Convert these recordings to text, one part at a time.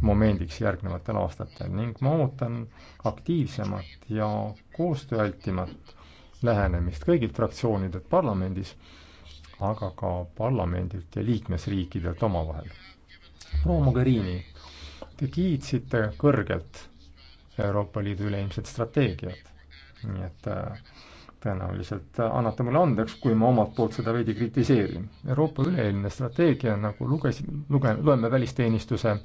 momendiks järgnevatel aastatel ning ma ootan aktiivsemat ja koostööaltimat lähenemist kõigilt fraktsioonidelt parlamendis, aga ka parlamendilt ja liikmesriikidelt omavahel. proua Mogherini, te kiitsite kõrgelt Euroopa Liidu üleilmset strateegiat, nii et äh, tõenäoliselt äh, annate mulle andeks, kui ma omalt poolt seda veidi kritiseerin. Euroopa üleilmne strateegia, nagu lugesin, luge-, loeme välisteenistuse äh,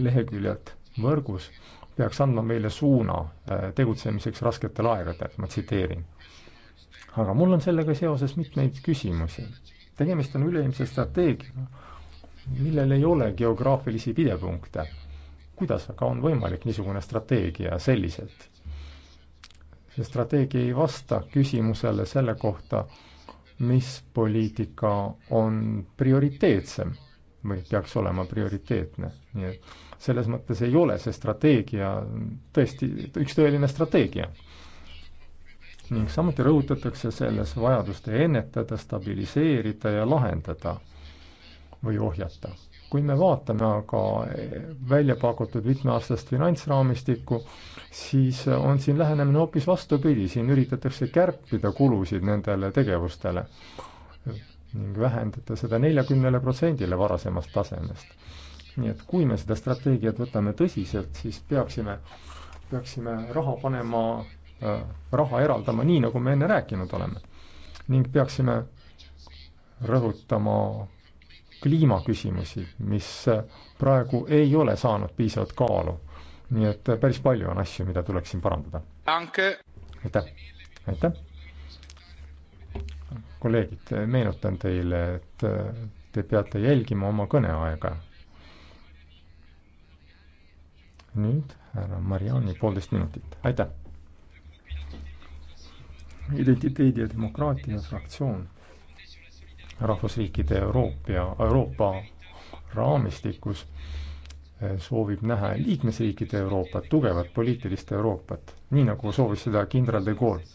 leheküljed võrgus peaks andma meile suuna äh, tegutsemiseks rasketel aegadel, ma tsiteerin. aga mul on sellega seoses mitmeid küsimusi. tegemist on üleilmse strateegiaga, millel ei ole geograafilisi pidepunkte. kuidas aga on võimalik niisugune strateegia selliselt? see strateegia ei vasta küsimusele selle kohta, mis poliitika on prioriteetsem või peaks olema prioriteetne. nii et selles mõttes ei ole see strateegia tõesti üks tõeline strateegia. ning samuti rõhutatakse selles vajadust ennetada, stabiliseerida ja lahendada või ohjata. kui me vaatame aga välja pakutud mitmeaastast finantsraamistikku, siis on siin lähenemine hoopis vastupidi, siin üritatakse kärpida kulusid nendele tegevustele ning vähendada seda neljakümnele protsendile varasemast tasemest. nii et kui me seda strateegiat võtame tõsiselt, siis peaksime, peaksime raha panema äh,, raha eraldama nii, nagu me enne rääkinud oleme. ning peaksime rõhutama kliimaküsimusi, mis praegu ei ole saanud piisavat kaalu. nii et päris palju on asju, mida tuleks siin parandada. aitäh, aitäh! kolleegid, meenutan teile, et äh, te peate jälgima oma kõneaega. nüüd härra Mariani poolteist minutit, aitäh. identiteedi ja demokraatia fraktsioon rahvusriikide Euroopa, Euroopa raamistikus äh, soovib näha liikmesriikide Euroopat, tugevat poliitilist Euroopat, nii nagu soovis seda kindral de Gaulle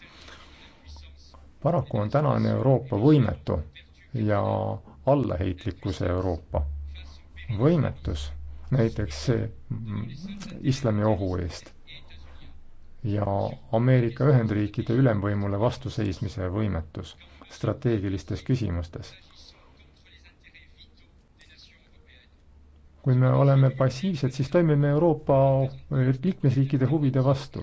paraku on tänane Euroopa võimetu ja allaheitlikkuse Euroopa. võimetus näiteks islamiohu eest ja Ameerika Ühendriikide ülemvõimule vastuseismise võimetus strateegilistes küsimustes kui me oleme passiivsed, siis toimime Euroopa liikmesriikide huvide vastu.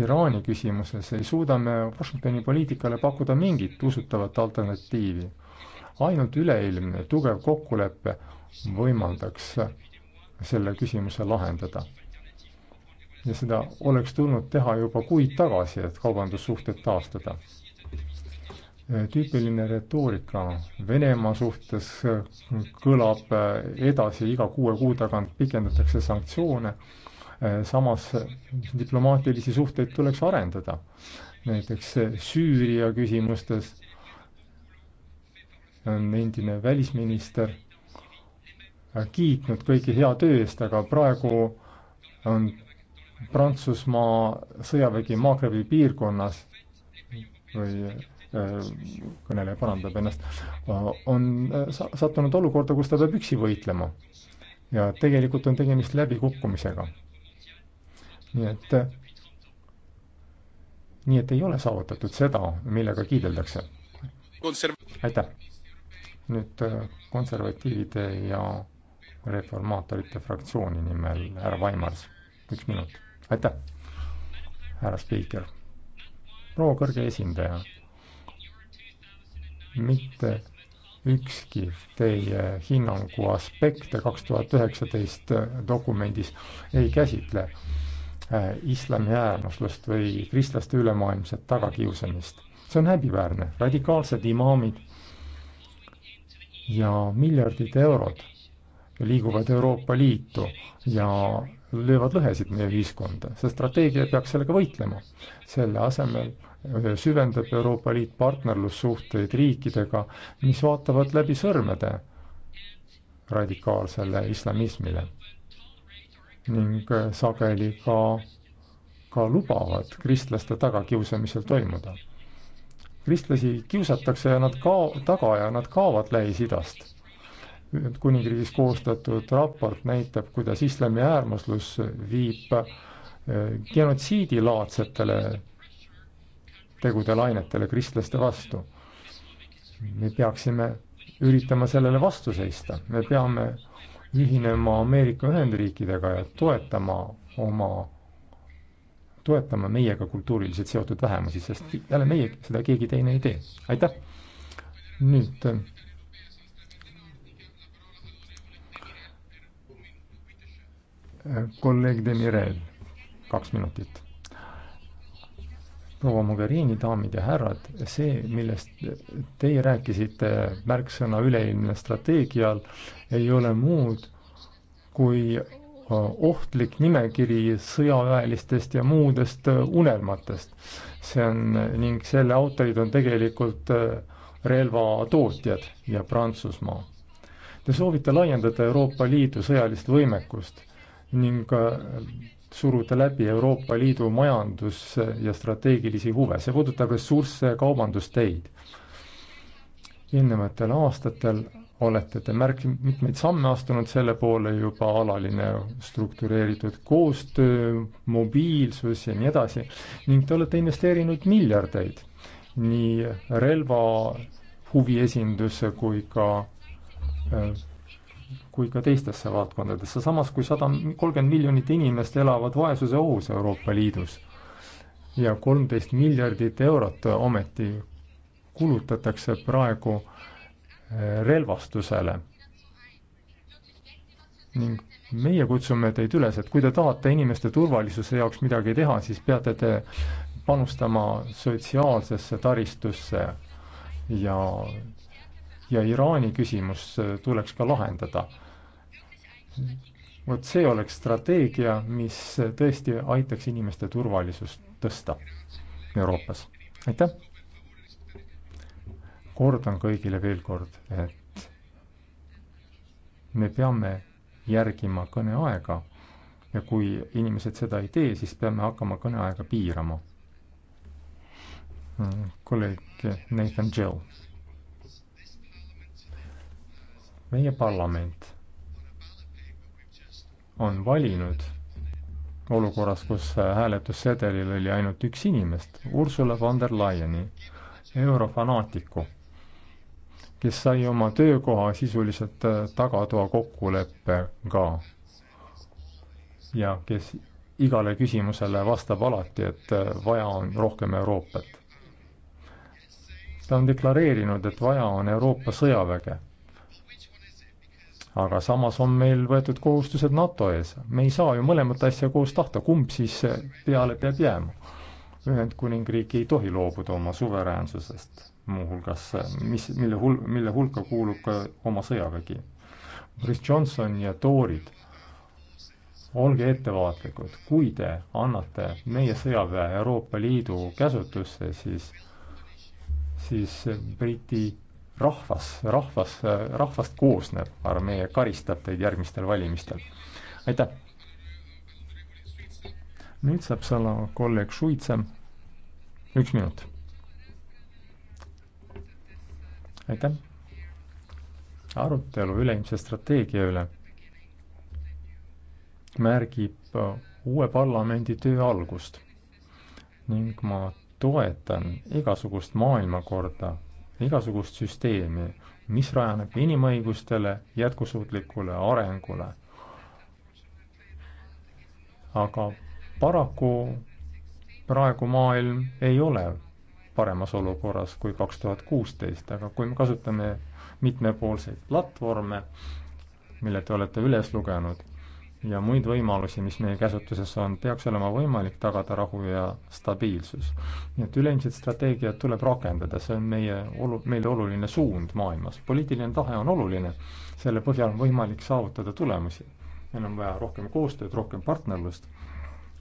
Iraani küsimuses ei suuda me Washingtoni poliitikale pakkuda mingit usutavat alternatiivi. ainult üleilmne tugev kokkulepe võimaldaks selle küsimuse lahendada. ja seda oleks tulnud teha juba kuid tagasi, et kaubandussuhted taastada. Äh, tüüpiline retoorika Venemaa suhtes äh, kõlab äh, edasi, iga kuue kuu tagant pikendatakse sanktsioone, samas diplomaatilisi suhteid tuleks arendada. näiteks Süüria küsimustes on endine välisminister kiitnud kõigi hea töö eest, aga praegu on Prantsusmaa sõjavägi Maagrebi piirkonnas või Äh, kõneleja parandab ennast, äh, on äh, sattunud olukorda, kus ta peab üksi võitlema. ja tegelikult on tegemist läbikukkumisega. nii et, nii et ei ole saavutatud seda, millega kiideldakse. aitäh. nüüd konservatiivide ja reformaatorite fraktsiooni nimel härra Vaimars, üks minut, aitäh, härra spiiker. proua kõrge esindaja mitte ükski teie hinnangu aspekte kaks tuhat üheksateist dokumendis ei käsitle äh, islami äärmuslust või kristlaste ülemaailmset tagakiusamist. see on häbiväärne, radikaalsed imaamid ja miljardid eurod liiguvad Euroopa Liitu ja löövad lõhesid meie ühiskonda, see strateegia peaks sellega võitlema. selle asemel süvendab Euroopa Liit partnerlussuhteid riikidega, mis vaatavad läbi sõrmede radikaalsele islamismile ning sageli ka, ka lubavad kristlaste tagakiusamisel toimuda. kristlasi kiusatakse ja nad kao-, taga ja nad kaovad Lähis-Idast Ühendkuningriigis koostatud raport näitab, kuidas islami äärmuslus viib eh, genotsiidilaadsetele tegude lainetele kristlaste vastu. me peaksime üritama sellele vastu seista, me peame ühinema Ameerika Ühendriikidega ja toetama oma, toetama meiega kultuuriliselt seotud vähemusi, sest jälle meie, seda keegi teine ei tee. aitäh! nüüd kolleeg Demirel, kaks minutit proua Mogherini, daamid ja härrad, see, millest teie rääkisite märksõna üleilmne strateegial, ei ole muud kui äh, ohtlik nimekiri sõjaväelistest ja muudest äh, unelmatest. see on, ning selle autorid on tegelikult äh, relvatootjad ja Prantsusmaa. Te soovite laiendada Euroopa Liidu sõjalist võimekust ning suruda läbi Euroopa Liidu majandus- ja strateegilisi huve. see puudutab ressursse ja kaubandusteid. eelnevatel aastatel olete te märk-, mitmeid samme astunud selle poole juba, alaline struktureeritud koostöö, mobiilsus ja nii edasi, ning te olete investeerinud miljardeid nii relva huviesinduse kui ka äh, kui ka teistesse valdkondadesse, samas kui sada kolmkümmend miljonit inimest elavad vaesuse ohus Euroopa Liidus ja kolmteist miljardit eurot ometi kulutatakse praegu eh, relvastusele. ning meie kutsume teid üles, et kui te tahate inimeste turvalisuse jaoks midagi teha, siis peate te panustama sotsiaalsesse taristusse ja ja Iraani küsimus äh, tuleks ka lahendada. vot see oleks strateegia, mis äh, tõesti aitaks inimeste turvalisust tõsta Euroopas. aitäh! kordan kõigile veel kord, et me peame järgima kõneaega ja kui inimesed seda ei tee, siis peame hakkama kõneaega piirama. Mm, kolleeg Nathan Joe meie parlament on valinud olukorras, kus hääletussedelil oli ainult üks inimest, Ursula von der Leyeni, eurofanaatiku, kes sai oma töökoha sisuliselt äh, tagatoa kokkuleppega ja kes igale küsimusele vastab alati, et äh, vaja on rohkem Euroopat. ta on deklareerinud, et vaja on Euroopa sõjaväge aga samas on meil võetud kohustused NATO ees. me ei saa ju mõlemat asja koos tahta, kumb siis peale peab jääma? Ühendkuningriik ei tohi loobuda oma suveräänsusest, muuhulgas mis, mille hul-, mille hulka kuulub ka oma sõjavägi. Boris Johnson ja toorid, olge ettevaatlikud, kui te annate meie sõjaväe Euroopa Liidu käsutusse, siis, siis Briti rahvas, rahvas, rahvast koosnev armee karistab teid järgmistel valimistel. aitäh! nüüd saab sõna kolleeg Šuitse, üks minut. aitäh! arutelu üleilmse strateegia üle märgib uh, uue parlamendi töö algust ning ma toetan igasugust maailmakorda igasugust süsteemi, mis rajaneb inimõigustele, jätkusuutlikule arengule. aga paraku praegu maailm ei ole paremas olukorras kui kaks tuhat kuusteist, aga kui me kasutame mitmepoolseid platvorme, mille te olete üles lugenud ja muid võimalusi, mis meie käsutuses on, peaks olema võimalik tagada rahu ja stabiilsus. nii et üleilmset strateegiat tuleb rakendada, see on meie olu-, meile oluline suund maailmas. poliitiline tahe on oluline, selle põhjal on võimalik saavutada tulemusi. meil on vaja rohkem koostööd, rohkem partnerlust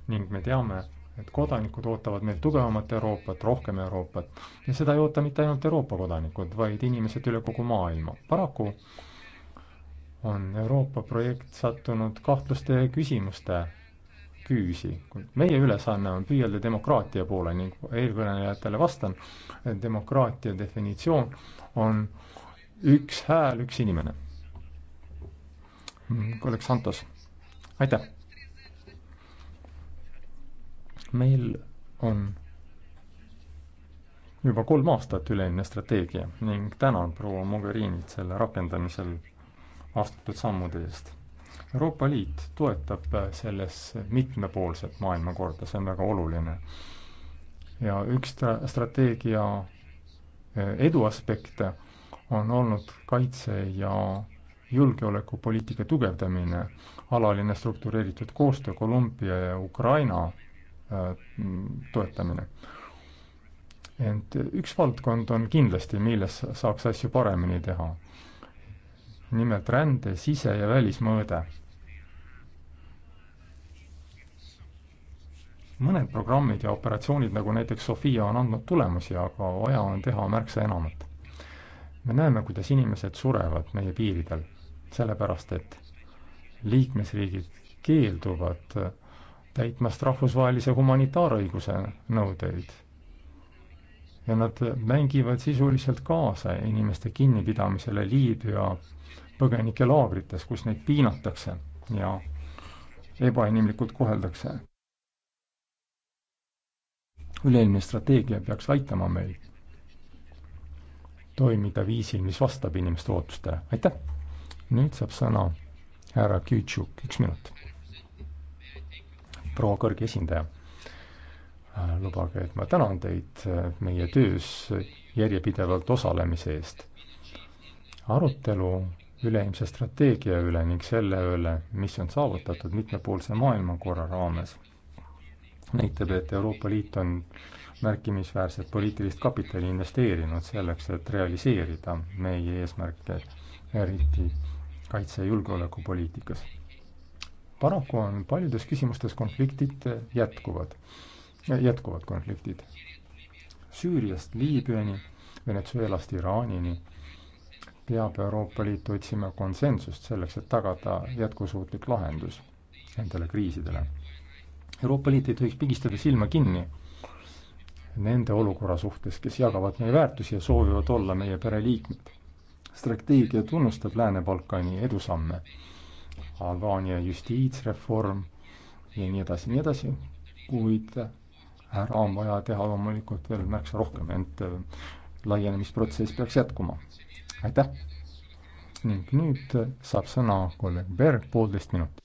ning me teame, et kodanikud ootavad meilt tugevamat Euroopat, rohkem Euroopat ja seda ei oota mitte ainult Euroopa kodanikud, vaid inimesed üle kogu maailma. paraku on Euroopa projekt sattunud kahtluste ja küsimuste küüsi. meie ülesanne on püüelda demokraatia poole ning eelkõnelejatele vastan, et demokraatia definitsioon on üks hääl, üks inimene. kolleeg Santos, aitäh! meil on juba kolm aastat üleilmne strateegia ning tänan proua Mogherinit selle rakendamisel astutud sammude eest. Euroopa Liit toetab selles mitmepoolset maailmakorda, see on väga oluline. ja üks stra-, strateegia eh, edu aspekte on olnud kaitse ja julgeolekupoliitika tugevdamine, alaline struktureeritud koostöö Kolumbia ja Ukraina eh, toetamine. ent üks valdkond on kindlasti, milles saaks asju paremini teha nimelt rände sise- ja välismõõde. mõned programmid ja operatsioonid, nagu näiteks Sofia, on andnud tulemusi, aga vaja on teha märksa enamat. me näeme, kuidas inimesed surevad meie piiridel, sellepärast et liikmesriigid keelduvad täitmast rahvusvahelise humanitaarõiguse nõudeid. ja nad mängivad sisuliselt kaasa inimeste kinnipidamisele Liibüa põgenike laagrites, kus neid piinatakse ja ebainimlikult koheldakse. üleilmne strateegia peaks aitama meil toimida viisil, mis vastab inimeste ootustele. aitäh! nüüd saab sõna härra Kütšuk, üks minut. proua kõrge esindaja, äh, lubage, et ma tänan teid äh, meie töös järjepidevalt osalemise eest. arutelu üleilmse strateegia üle ning selle üle, mis on saavutatud mitmepoolse maailmakorra raames, näitab, et Euroopa Liit on märkimisväärset poliitilist kapitali investeerinud selleks, et realiseerida meie eesmärke, eriti kaitse- ja julgeolekupoliitikas. paraku on paljudes küsimustes konfliktid jätkuvad, jätkuvad konfliktid. Süüriast Liibüani, Venezuelast Iraanini peab Euroopa Liit otsima konsensust selleks, et tagada jätkusuutlik lahendus nendele kriisidele. Euroopa Liit ei tohiks pigistada silma kinni nende olukorra suhtes, kes jagavad meie väärtusi ja soovivad olla meie pere liikmed. strateegia tunnustab Lääne-Balkani edusamme, Albaania justiitsreform ja nii edasi, nii edasi, kuid ära on vaja teha loomulikult veel märksa rohkem, ent laienemisprotsess peaks jätkuma aitäh! ning nüüd saab sõna kolleeg Berg, poolteist minutit.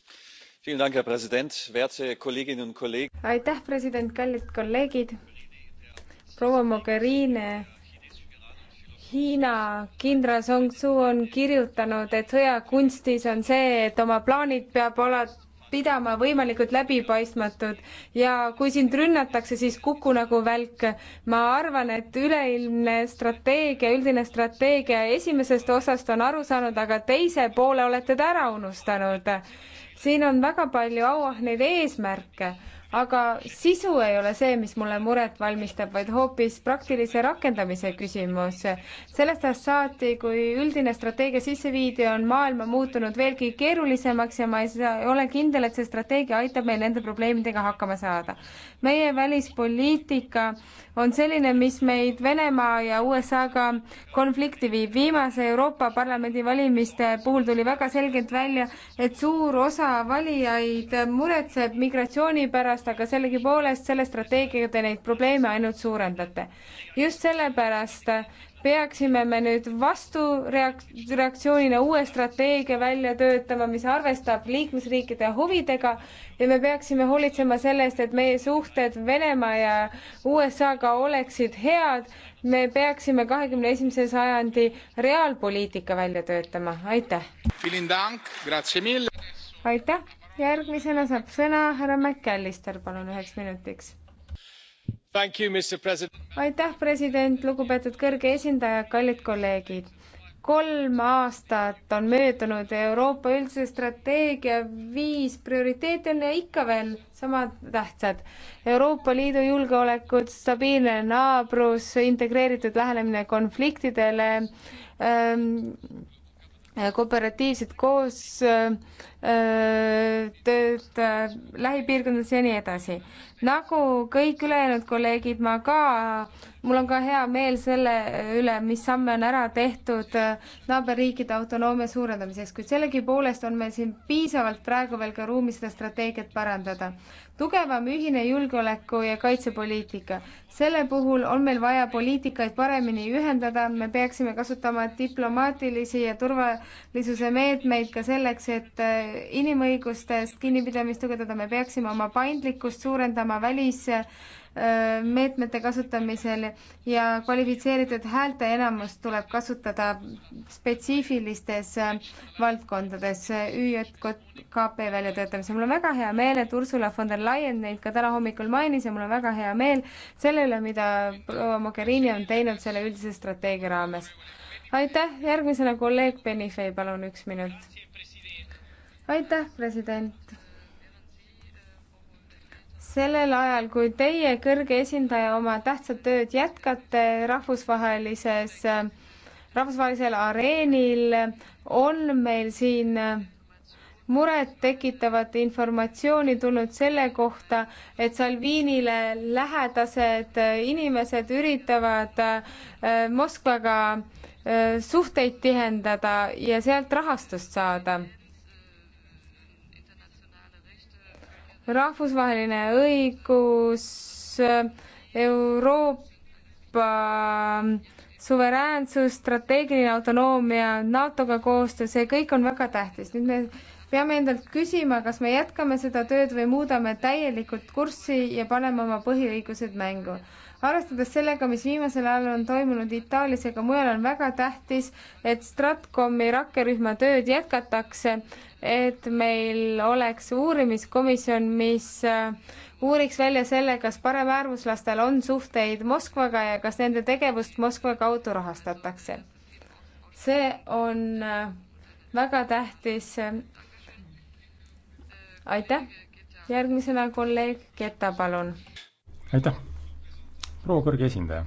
aitäh, president, kallid kolleegid! proua Mogherini Hiina kindral Song Su on kirjutanud, et sõjakunstis on see, et oma plaanid peab olema pidama võimalikult läbipaistmatud ja kui sind rünnatakse, siis kuku nagu välk. ma arvan, et üleilmne strateegia, üldine strateegia esimesest osast on aru saanud, aga teise poole olete te ära unustanud. siin on väga palju auahneid eesmärke aga sisu ei ole see, mis mulle muret valmistab, vaid hoopis praktilise rakendamise küsimus. sellest ajast saati, kui üldine strateegia sisse viidi, on maailma muutunud veelgi keerulisemaks ja ma ei saa, olen kindel, et see strateegia aitab meil nende probleemidega hakkama saada. meie välispoliitika on selline, mis meid Venemaa ja USA-ga konflikti viib. viimase Euroopa Parlamendi valimiste puhul tuli väga selgelt välja, et suur osa valijaid muretseb migratsiooni pärast, pärast, aga sellegipoolest selle strateegiaga te neid probleeme ainult suurendate. just sellepärast peaksime me nüüd vastureaktsioonina uue strateegia välja töötama, mis arvestab liikmesriikide huvidega ja me peaksime hoolitsema selle eest, et meie suhted Venemaa ja USA-ga oleksid head. me peaksime kahekümne esimese sajandi reaalpoliitika välja töötama, aitäh. aitäh järgmisena saab sõna härra McAllister, palun üheks minutiks. You, aitäh, president, lugupeetud kõrge esindaja, kallid kolleegid kolm aastat on möödunud Euroopa üldse strateegia viis prioriteeti on ja ikka veel sama tähtsad. Euroopa Liidu julgeolekut, stabiilne naabrus, integreeritud lähenemine konfliktidele ähm,, kooperatiivsed koos äh, tööd lähipiirkondades ja nii edasi. nagu kõik ülejäänud kolleegid, ma ka, mul on ka hea meel selle üle, mis samme on ära tehtud naaberriikide autonoomia suurendamiseks, kuid sellegipoolest on meil siin piisavalt praegu veel ka ruumi seda strateegiat parandada. tugevam ühine julgeoleku- ja kaitsepoliitika. selle puhul on meil vaja poliitikaid paremini ühendada, me peaksime kasutama diplomaatilisi ja turvalisuse meetmeid ka selleks, et inimõigustest kinnipidamist tugevdada, me peaksime oma paindlikkust suurendama välismeetmete äh, kasutamisel ja kvalifitseeritud häälteenamust tuleb kasutada spetsiifilistes äh, valdkondades ÜJKP väljatöötamisel. mul on väga hea meel, et Ursula von der Leyen neid ka täna hommikul mainis ja mul on väga hea meel selle üle, mida proua Mogherini on teinud selle üldise strateegia raames aitäh, järgmisena kolleeg Benifei, palun üks minut aitäh, president. sellel ajal, kui teie kõrge esindaja oma tähtsat tööd jätkate rahvusvahelises, rahvusvahelisel areenil, on meil siin muret tekitavat informatsiooni tulnud selle kohta, et Salvinile lähedased inimesed üritavad äh, Moskvaga äh, suhteid tihendada ja sealt rahastust saada rahvusvaheline õigus, Euroopa suveräänsus, strateegiline autonoomia, NATO-ga koostöö, see kõik on väga tähtis. nüüd me peame endalt küsima, kas me jätkame seda tööd või muudame täielikult kurssi ja paneme oma põhiõigused mängu. arvestades sellega, mis viimasel ajal on toimunud Itaalias ja ka mujal, on väga tähtis, et Stratkomi rakkerühma tööd jätkatakse et meil oleks uurimiskomisjon, mis äh, uuriks välja selle, kas paremäärmuslastel on suhteid Moskvaga ja kas nende tegevust Moskva kaudu rahastatakse. see on äh, väga tähtis. Äh, aitäh, järgmisena kolleeg Keta, palun. aitäh, proua kõrge esindaja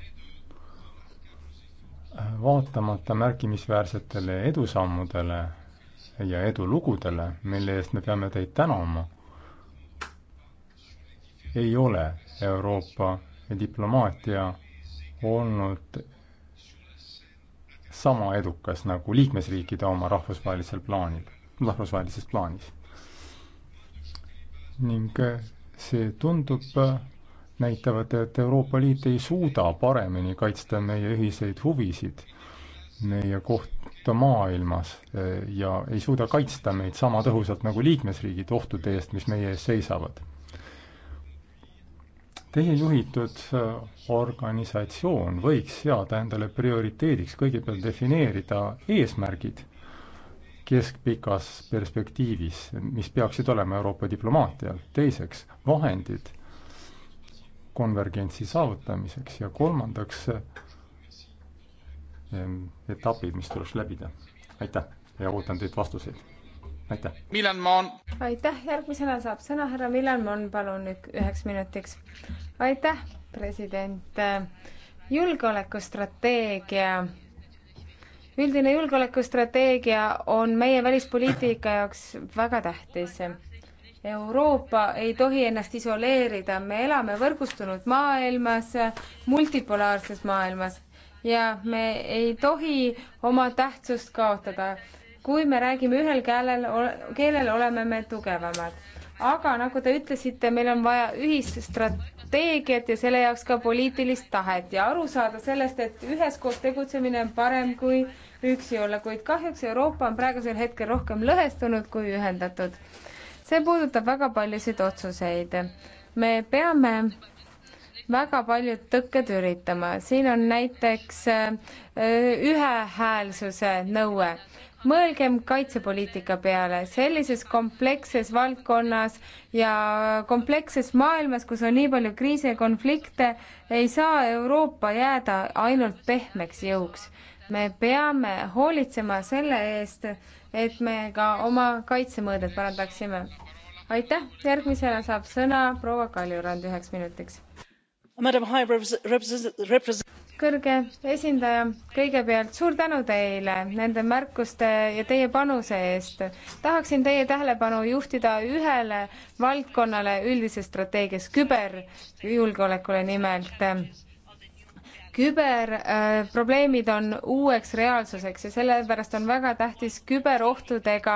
vaatamata märkimisväärsetele edusammudele ja edulugudele, mille eest me peame teid tänama, ei ole Euroopa diplomaatia olnud sama edukas nagu liikmesriikide oma rahvusvahelisel plaanil, rahvusvahelises plaanis. ning see tundub näitavad, et Euroopa Liit ei suuda paremini kaitsta meie ühiseid huvisid, meie koht, maailmas e, ja ei suuda kaitsta meid sama tõhusalt nagu liikmesriigid ohtude eest, mis meie ees seisavad. Teie juhitud e, organisatsioon võiks seada endale prioriteediks kõigepealt defineerida eesmärgid keskpikas perspektiivis, mis peaksid olema Euroopa diplomaatial, teiseks vahendid konvergentsi saavutamiseks ja kolmandaks Ehm, etapid, mis tuleks läbida. aitäh ja ootan teilt vastuseid. aitäh. Milan Moon. aitäh, järgmisena saab sõna härra Milan Moon, palun üheks minutiks. aitäh, president. julgeolekustrateegia, üldine julgeolekustrateegia on meie välispoliitika jaoks väga tähtis Euroopa ei tohi ennast isoleerida, me elame võrgustunud maailmas, multipolaarses maailmas ja me ei tohi oma tähtsust kaotada. kui me räägime ühel keelel, keelel oleme me tugevamad. aga nagu te ütlesite, meil on vaja ühist strateegiat ja selle jaoks ka poliitilist tahet ja aru saada sellest, et üheskoos tegutsemine on parem kui üksi olla, kuid kahjuks Euroopa on praegusel hetkel rohkem lõhestunud kui ühendatud. see puudutab väga paljusid otsuseid. me peame väga paljud tõkked üritama. siin on näiteks äh, ühehäälsuse nõue. mõelgem kaitsepoliitika peale, sellises kompleksses valdkonnas ja kompleksses maailmas, kus on nii palju kriise ja konflikte, ei saa Euroopa jääda ainult pehmeks jõuks. me peame hoolitsema selle eest, et me ka oma kaitsemõõdet parandaksime aitäh, järgmisena saab sõna proua Kaljurand üheks minutiks kõrge esindaja, kõigepealt suur tänu teile nende märkuste ja teie panuse eest. tahaksin teie tähelepanu juhtida ühele valdkonnale üldises strateegias, küberjulgeolekule nimelt küberprobleemid on uueks reaalsuseks ja sellepärast on väga tähtis küberohtudega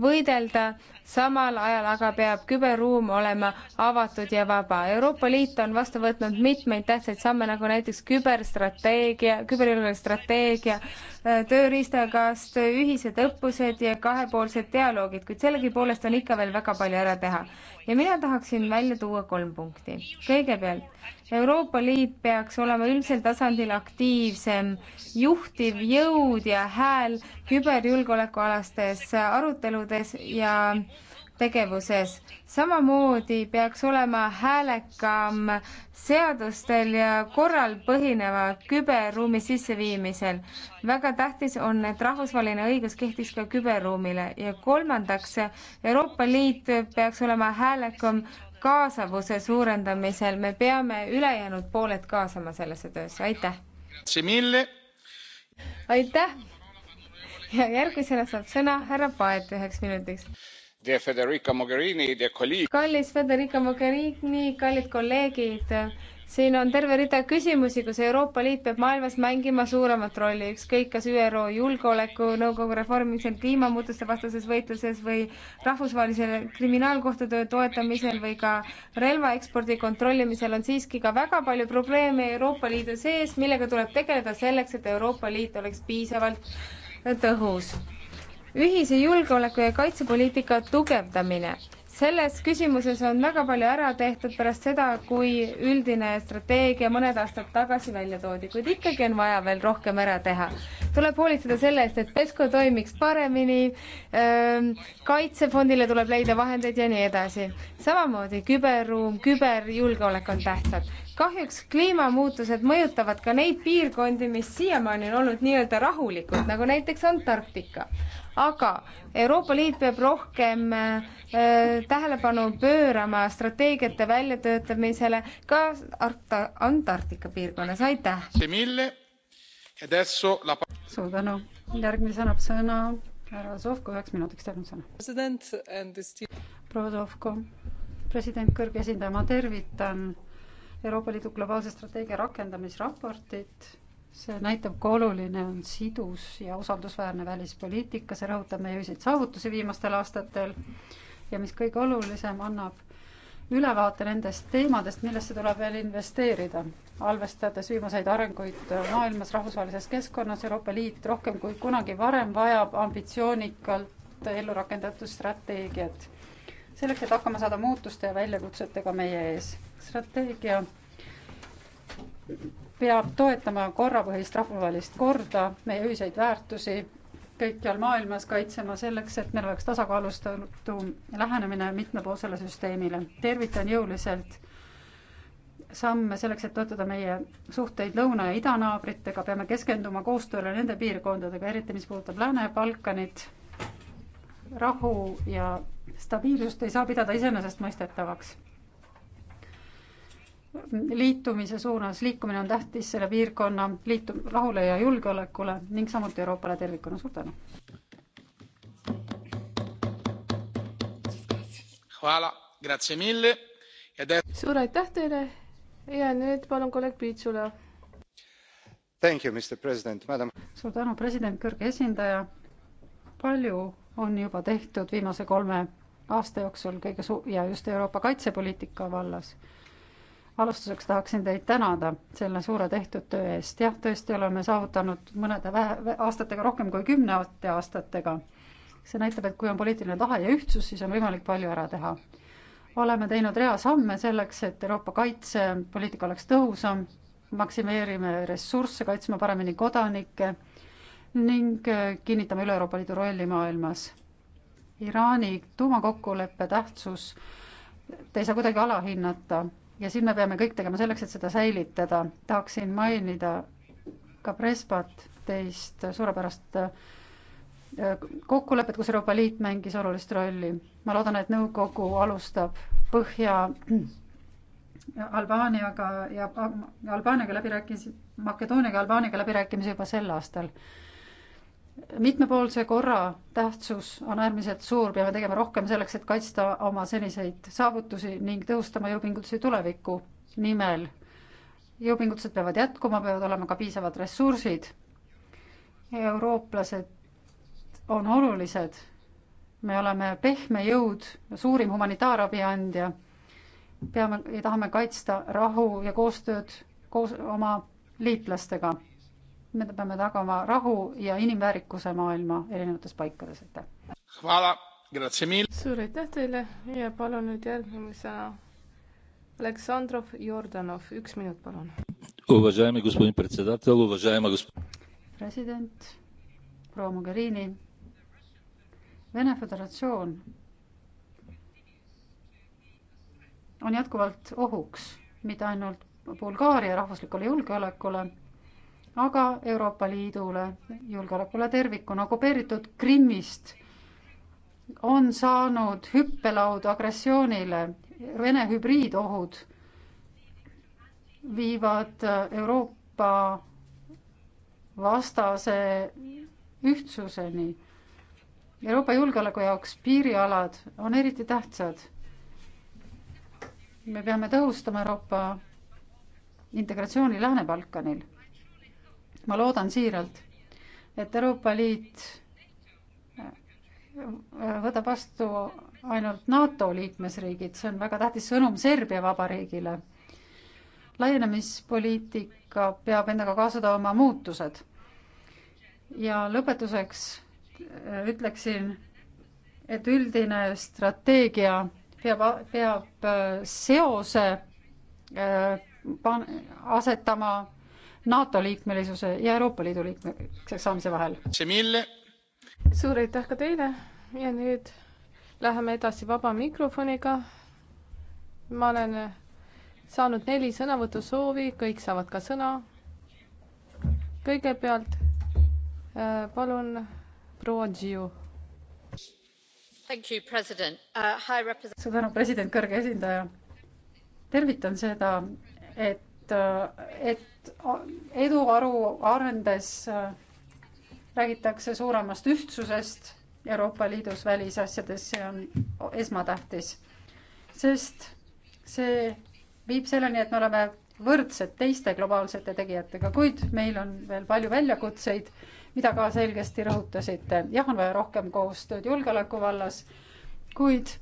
võidelda, samal ajal aga peab küberruum olema avatud ja vaba. Euroopa Liit on vastu võtnud mitmeid tähtsaid samme, nagu näiteks küberstrateegia, küberjulgeolekustrateegia, tööriistakast, ühised õppused ja kahepoolsed dialoogid, kuid sellegipoolest on ikka veel väga palju ära teha ja mina tahaksin välja tuua kolm punkti. kõigepealt, Euroopa Liit peaks olema üldisel tasandil aktiivsem, juhtiv jõud ja hääl küberjulgeolekualastes aruteludes ja äh, tegevuses. samamoodi peaks olema häälekam seadustel ja korral põhineva küberruumi sisseviimisel. väga tähtis on, et rahvusvaheline õigus kehtiks ka küberruumile ja kolmandaks, Euroopa Liit peaks olema häälekam kaasavuse suurendamisel, me peame ülejäänud pooled kaasama sellesse töösse, aitäh! aitäh! ja järgmisena saab sõna härra Paet üheks minutiks kallis Federica Mogherini, kallid kolleegid, siin on terve rida küsimusi, kus Euroopa Liit peab maailmas mängima suuremat rolli, ükskõik kas ÜRO Julgeolekunõukogu reformimisel, kliimamuutuste vastases võitluses või rahvusvahelise kriminaalkohtu töö toetamisel või ka relvaekspordi kontrollimisel on siiski ka väga palju probleeme Euroopa Liidu sees, millega tuleb tegeleda selleks, et Euroopa Liit oleks piisavalt tõhus ühise julgeoleku ja kaitsepoliitika tugevdamine. selles küsimuses on väga palju ära tehtud pärast seda, kui üldine strateegia mõned aastad tagasi välja toodi, kuid ikkagi on vaja veel rohkem ära teha. tuleb hoolitseda selle eest, et PESCO toimiks paremini, ähm, kaitsefondile tuleb leida vahendeid ja nii edasi. samamoodi küberruum, küberjulgeolek on tähtsad kahjuks kliimamuutused mõjutavad ka neid piirkondi, mis siiamaani on olnud nii-öelda rahulikud, nagu näiteks Antarktika aga Euroopa Liit peab rohkem äh, tähelepanu pöörama strateegiate väljatöötamisele ka Arta, Antarktika piirkonnas, aitäh! suur tänu, järgmine sõnab sõna härra Zovko, üheks minutiks järgmisena. proua Zovko, president, kõrge esindaja, ma tervitan Euroopa Liidu globaalse strateegia rakendamisraportit see näitab, kui oluline on sidus ja usaldusväärne välispoliitika, see rõhutab meie ühiseid saavutusi viimastel aastatel ja mis kõige olulisem, annab ülevaate nendest teemadest, millesse tuleb veel investeerida, arvestades viimaseid arenguid maailmas, rahvusvahelises keskkonnas, Euroopa Liit rohkem kui kunagi varem vajab ambitsioonikalt ellu rakendatud strateegiat. selleks, et hakkama saada muutuste ja väljakutsetega meie ees. strateegia peab toetama korrapõhist rahvusvahelist korda, meie ühiseid väärtusi kõikjal maailmas kaitsema selleks, et meil oleks tasakaalustatum lähenemine mitmepoolsele süsteemile. tervitan jõuliselt samme selleks, et toetada meie suhteid lõuna- ja idanaabritega, peame keskenduma koostööle nende piirkondadega, eriti mis puudutab Lääne-Balkanit. rahu ja stabiilsust ei saa pidada iseenesestmõistetavaks liitumise suunas liikumine on tähtis selle piirkonna liitu-, rahule ja julgeolekule ning samuti Euroopale tervikuna, suur tänu! suur aitäh teile ja nüüd palun kolleeg Piitsula. suur tänu, president, kõrge esindaja. palju on juba tehtud viimase kolme aasta jooksul kõige su- ja just Euroopa kaitsepoliitika vallas alustuseks tahaksin teid tänada selle suure tehtud töö eest. jah, tõesti oleme saavutanud mõnede vähe, aastatega rohkem kui kümnete aastatega. see näitab, et kui on poliitiline tahe ja ühtsus, siis on võimalik palju ära teha. oleme teinud rea samme selleks, et Euroopa kaitsepoliitika oleks tõhusam, maksimeerime ressursse, kaitseme paremini kodanikke ning äh, kinnitame üle Euroopa Liidu rolli maailmas. Iraani tuumakokkuleppe tähtsus, te ei saa kuidagi alahinnata ja siin me peame kõik tegema selleks, et seda säilitada. tahaksin mainida ka Prespat, teist suurepärast äh, kokkulepet, kus Euroopa Liit mängis olulist rolli. ma loodan, et nõukogu alustab Põhja Albaaniaga ja Albaaniaga läbirääkimisi, Makedooniaga ja Albaaniaga läbirääkimisi juba sel aastal mitmepoolse korra tähtsus on äärmiselt suur, peame tegema rohkem selleks, et kaitsta oma seniseid saavutusi ning tõhustama jõupingutusi tuleviku nimel. jõupingutused peavad jätkuma, peavad olema ka piisavad ressursid. eurooplased on olulised. me oleme pehme jõud, suurim humanitaarabi andja. peame ja tahame kaitsta rahu ja koostööd koos oma liitlastega me peame tagama rahu ja inimväärikuse maailma erinevates paikades, aitäh. suur aitäh teile ja palun nüüd järgmisena Aleksandrov Jordanov, üks minut, palun. president, proua Mogherini, Vene Föderatsioon on jätkuvalt ohuks mitte ainult Bulgaaria rahvuslikule julgeolekule aga Euroopa Liidule, julgeolekule tervikuna. okupeeritud Krimmist on saanud hüppelaud agressioonile. Vene hübriidohud viivad Euroopa vastase ühtsuseni. Euroopa julgeoleku jaoks piirialad on eriti tähtsad. me peame tõhustama Euroopa integratsiooni Lääne-Balkanil ma loodan siiralt, et Euroopa Liit äh, äh, võtab vastu ainult NATO liikmesriigid, see on väga tähtis sõnum Serbia Vabariigile. laienemispoliitika peab endaga kaasa tooma muutused. ja lõpetuseks äh, ütleksin, et üldine strateegia peab, peab seose pan-, asetama NATO liikmelisuse ja Euroopa Liidu liikmeks saamise vahel. suur aitäh ka teile ja nüüd läheme edasi vaba mikrofoniga. ma olen saanud neli sõnavõtusoovi, kõik saavad ka sõna. kõigepealt äh, palun proua Tšiu. Uh, suur tänu, president, kõrge esindaja. tervitan seda, et Äh, et äh, eduaru arendes äh, räägitakse suuremast ühtsusest Euroopa Liidus välisasjades, see on esmatähtis. sest see viib selleni, et me oleme võrdsed teiste globaalsete tegijatega, kuid meil on veel palju väljakutseid, mida ka selgesti rõhutasite. jah, on vaja rohkem koostööd julgeoleku vallas, kuid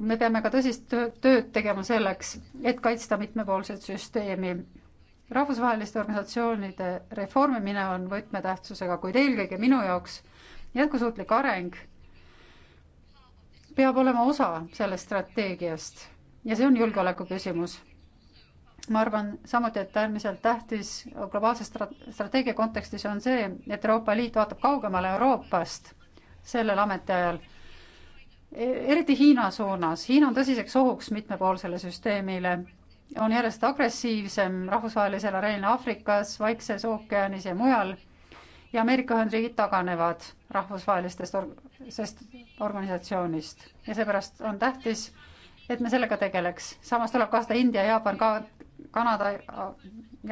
me peame ka tõsist tööd tegema selleks, et kaitsta mitmepoolset süsteemi. rahvusvaheliste organisatsioonide reformimine on võtmetähtsusega, kuid eelkõige minu jaoks jätkusuutlik areng peab olema osa sellest strateegiast ja see on julgeoleku küsimus. ma arvan samuti, et äärmiselt tähtis globaalse strateegia kontekstis on see, et Euroopa Liit vaatab kaugemale Euroopast sellel ametiajal eriti Hiina suunas. Hiina on tõsiseks ohuks mitmepoolsele süsteemile, on järjest agressiivsem rahvusvahelisel areenil Aafrikas, Vaikses ookeanis ja mujal ja Ameerika Ühendriigid taganevad rahvusvahelistest or-, sest organisatsioonist ja seepärast on tähtis, et me sellega tegeleks. samas tuleb kaasata India, Jaapan, ka-, Kanada,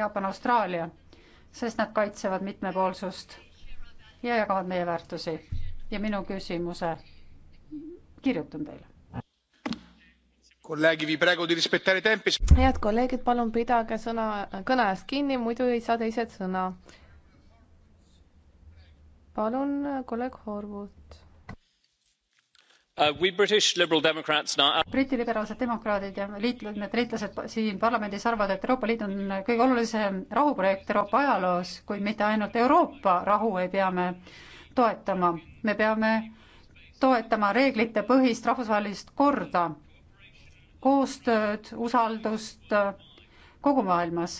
Jaapan, Austraalia, sest nad kaitsevad mitmepoolsust ja jagavad meie väärtusi. ja minu küsimuse kirjutan teile. head kolleegid, palun pidage sõna, kõne eest kinni, muidu ei saa teised sõna. palun, kolleeg Horvut Uh, now... briti liberaalsed demokraadid ja liitlased, need liitlased siin parlamendis arvavad, et Euroopa Liit on kõige olulisem rahuprojekt Euroopa ajaloos, kuid mitte ainult Euroopa rahu ei pea me toetama, me peame toetama reeglitepõhist rahvusvahelist korda, koostööd, usaldust äh, kogu maailmas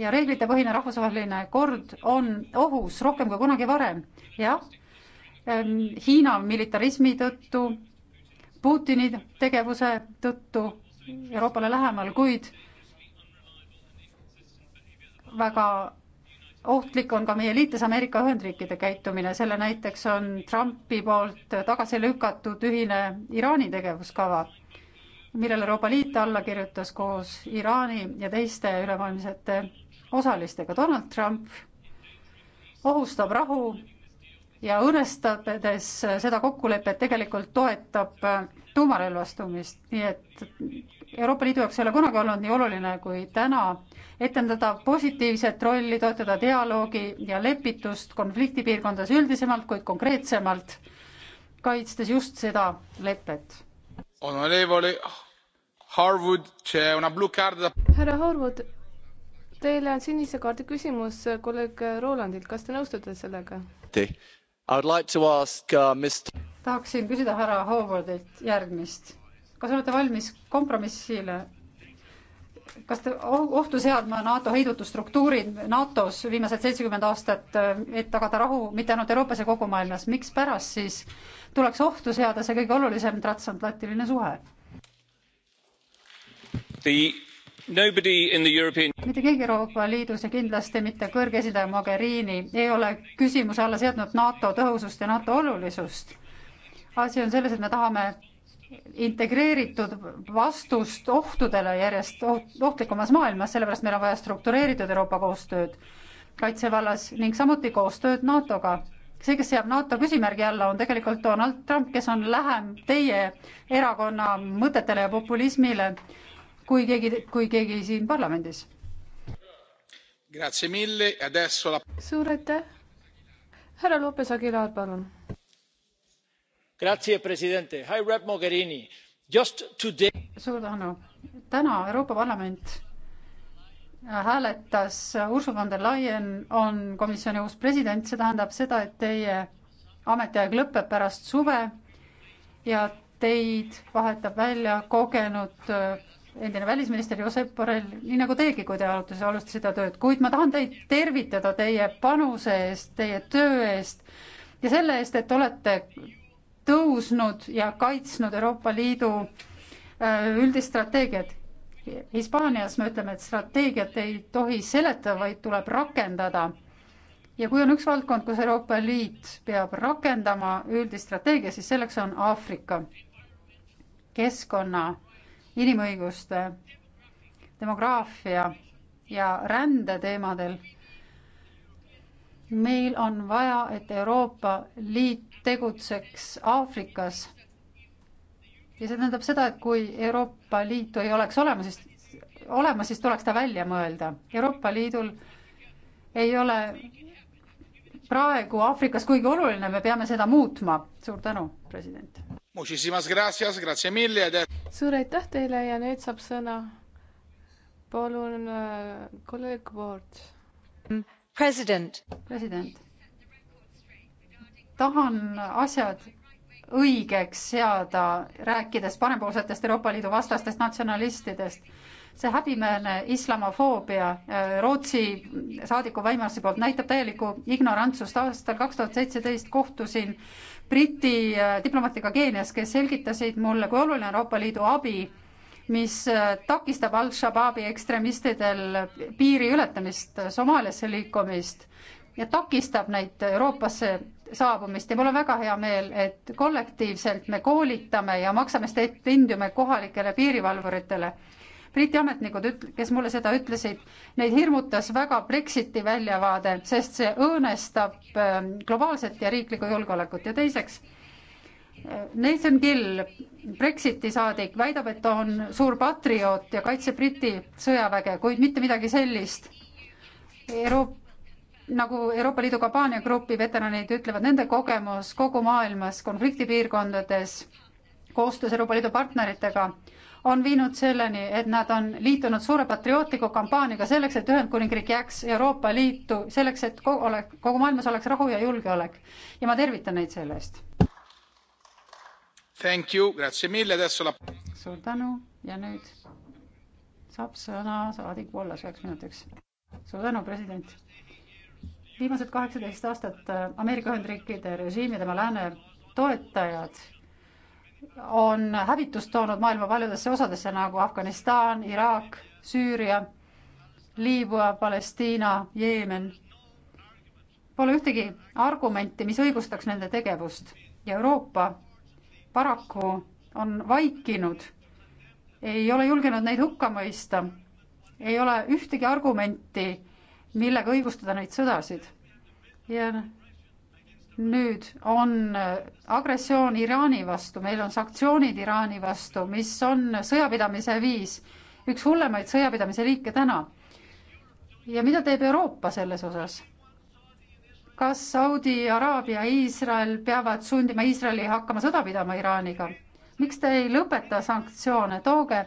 ja reeglitepõhine rahvusvaheline kord on ohus rohkem kui kunagi varem, jah. Ähm, Hiina militarismi tõttu, Putini tegevuse tõttu Euroopale lähemal, kuid väga ohtlik on ka meie liitlas Ameerika Ühendriikide käitumine, selle näiteks on Trumpi poolt tagasi lükatud ühine Iraani tegevuskava, millele Euroopa Liit alla kirjutas koos Iraani ja teiste ülemaailmsete osalistega. Donald Trump ohustab rahu ja õõnestades seda kokkulepet tegelikult toetab tuumarelvastumist, nii et Euroopa Liidu jaoks ei ole kunagi olnud nii oluline kui täna etendada positiivset rolli, toetada dialoogi ja lepitust konfliktipiirkondades üldisemalt, kuid konkreetsemalt, kaitstes just seda lepet. härra Harwood, teile on sinise kaardi küsimus kolleeg Rolandilt, kas te nõustute sellega? Like uh, tahaksin küsida härra Harwoodilt järgmist kas olete valmis kompromissile? kas te ohtu seadma NATO heidutusstruktuurid NATO-s viimased seitsekümmend aastat, et tagada rahu mitte ainult Euroopas ja kogu maailmas, mikspärast siis tuleks ohtu seada see kõige olulisem transatlantiline suhe? European... mitte keegi Euroopa Liidus ja kindlasti mitte kõrge esindaja Mogherini ei ole küsimuse alla seadnud NATO tõhusust ja NATO olulisust. asi on selles, et me tahame integreeritud vastust ohtudele järjest ohtlikumas maailmas, sellepärast meil on vaja struktureeritud Euroopa koostööd kaitsevallas ning samuti koostööd NATO-ga. see, kes jääb NATO küsimärgi alla, on tegelikult Donald Trump, kes on lähem teie erakonna mõtetele ja populismile kui keegi, kui keegi siin parlamendis. suur aitäh, härra Lopez Aguilar, palun suur tänu. täna Euroopa Parlament äh, hääletas, äh, Ursula von der Leyen on komisjoni uus president, see tähendab seda, et teie ametiaeg lõpeb pärast suve ja teid vahetab välja kogenud äh, endine välisminister Josep Borrell, nii nagu teiegi, kui te alutasite, alustasite tööd, kuid ma tahan teid tervitada teie panuse eest, teie töö eest ja selle eest, et olete tõusnud ja kaitsnud Euroopa Liidu äh, üldist strateegiat. Hispaanias me ütleme, et strateegiat ei tohi seletada, vaid tuleb rakendada. ja kui on üks valdkond, kus Euroopa Liit peab rakendama üldist strateegia, siis selleks on Aafrika. keskkonna, inimõiguste, demograafia ja rände teemadel meil on vaja, et Euroopa Liit tegutseks Aafrikas. ja see tähendab seda, et kui Euroopa Liitu ei oleks olemas, siis olemas, siis tuleks ta välja mõelda. Euroopa Liidul ei ole praegu Aafrikas kuigi oluline, me peame seda muutma. suur tänu, president. suur aitäh teile ja nüüd saab sõna palun äh, kolleeg Ward. president. president tahan asjad õigeks seada, rääkides parempoolsetest Euroopa Liidu vastastest natsionalistidest. see häbimeelne islamofoobia äh, Rootsi saadiku Weimarsi poolt näitab täielikku ignorantsust. aastal kaks tuhat seitseteist kohtusin Briti äh, diplomaatiga Keenias, kes selgitasid mulle, kui oluline on Euroopa Liidu abi, mis äh, takistab Al-Shabaabi ekstremistidel piiri ületamist, Somaaliasse liikumist ja takistab neid Euroopasse saabumist ja mul on väga hea meel, et kollektiivselt me koolitame ja maksame stipendiume kohalikele piirivalvuritele. Briti ametnikud, kes mulle seda ütlesid, neid hirmutas väga Brexiti väljavaade, sest see õõnestab ähm, globaalset ja riiklikku julgeolekut ja teiseks, Nathan Gill, Brexiti saadik, väidab, et ta on suur patrioot ja kaitseb Briti sõjaväge, kuid mitte midagi sellist Euroop. Euroopa nagu Euroopa Liidu kampaania grupi veteranid ütlevad, nende kogemus kogu maailmas konfliktipiirkondades koostöös Euroopa Liidu partneritega on viinud selleni, et nad on liitunud suure patriootliku kampaaniaga selleks, et Ühendkuningriik jääks Euroopa Liitu, selleks, et kogu, ole, kogu maailmas oleks rahu ja julgeolek. ja ma tervitan neid selle eest. suur tänu ja nüüd saab sõna saadik Vollas üheks minutiks. suur tänu, president viimased kaheksateist aastat äh, Ameerika Ühendriikide režiim ja tema lääne toetajad on hävitust toonud maailma paljudesse osadesse nagu Afganistan, Iraak, Süüria, Liibüa, Palestiina, Jeemen. Pole ühtegi argumenti, mis õigustaks nende tegevust ja Euroopa paraku on vaikinud, ei ole julgenud neid hukka mõista, ei ole ühtegi argumenti millega õigustada neid sõdasid. ja nüüd on agressioon Iraani vastu, meil on sanktsioonid Iraani vastu, mis on sõjapidamise viis, üks hullemaid sõjapidamise liike täna. ja mida teeb Euroopa selles osas? kas Saudi Araabia, Iisrael peavad sundima Iisraeli hakkama sõda pidama Iraaniga? miks te ei lõpeta sanktsioone, tooge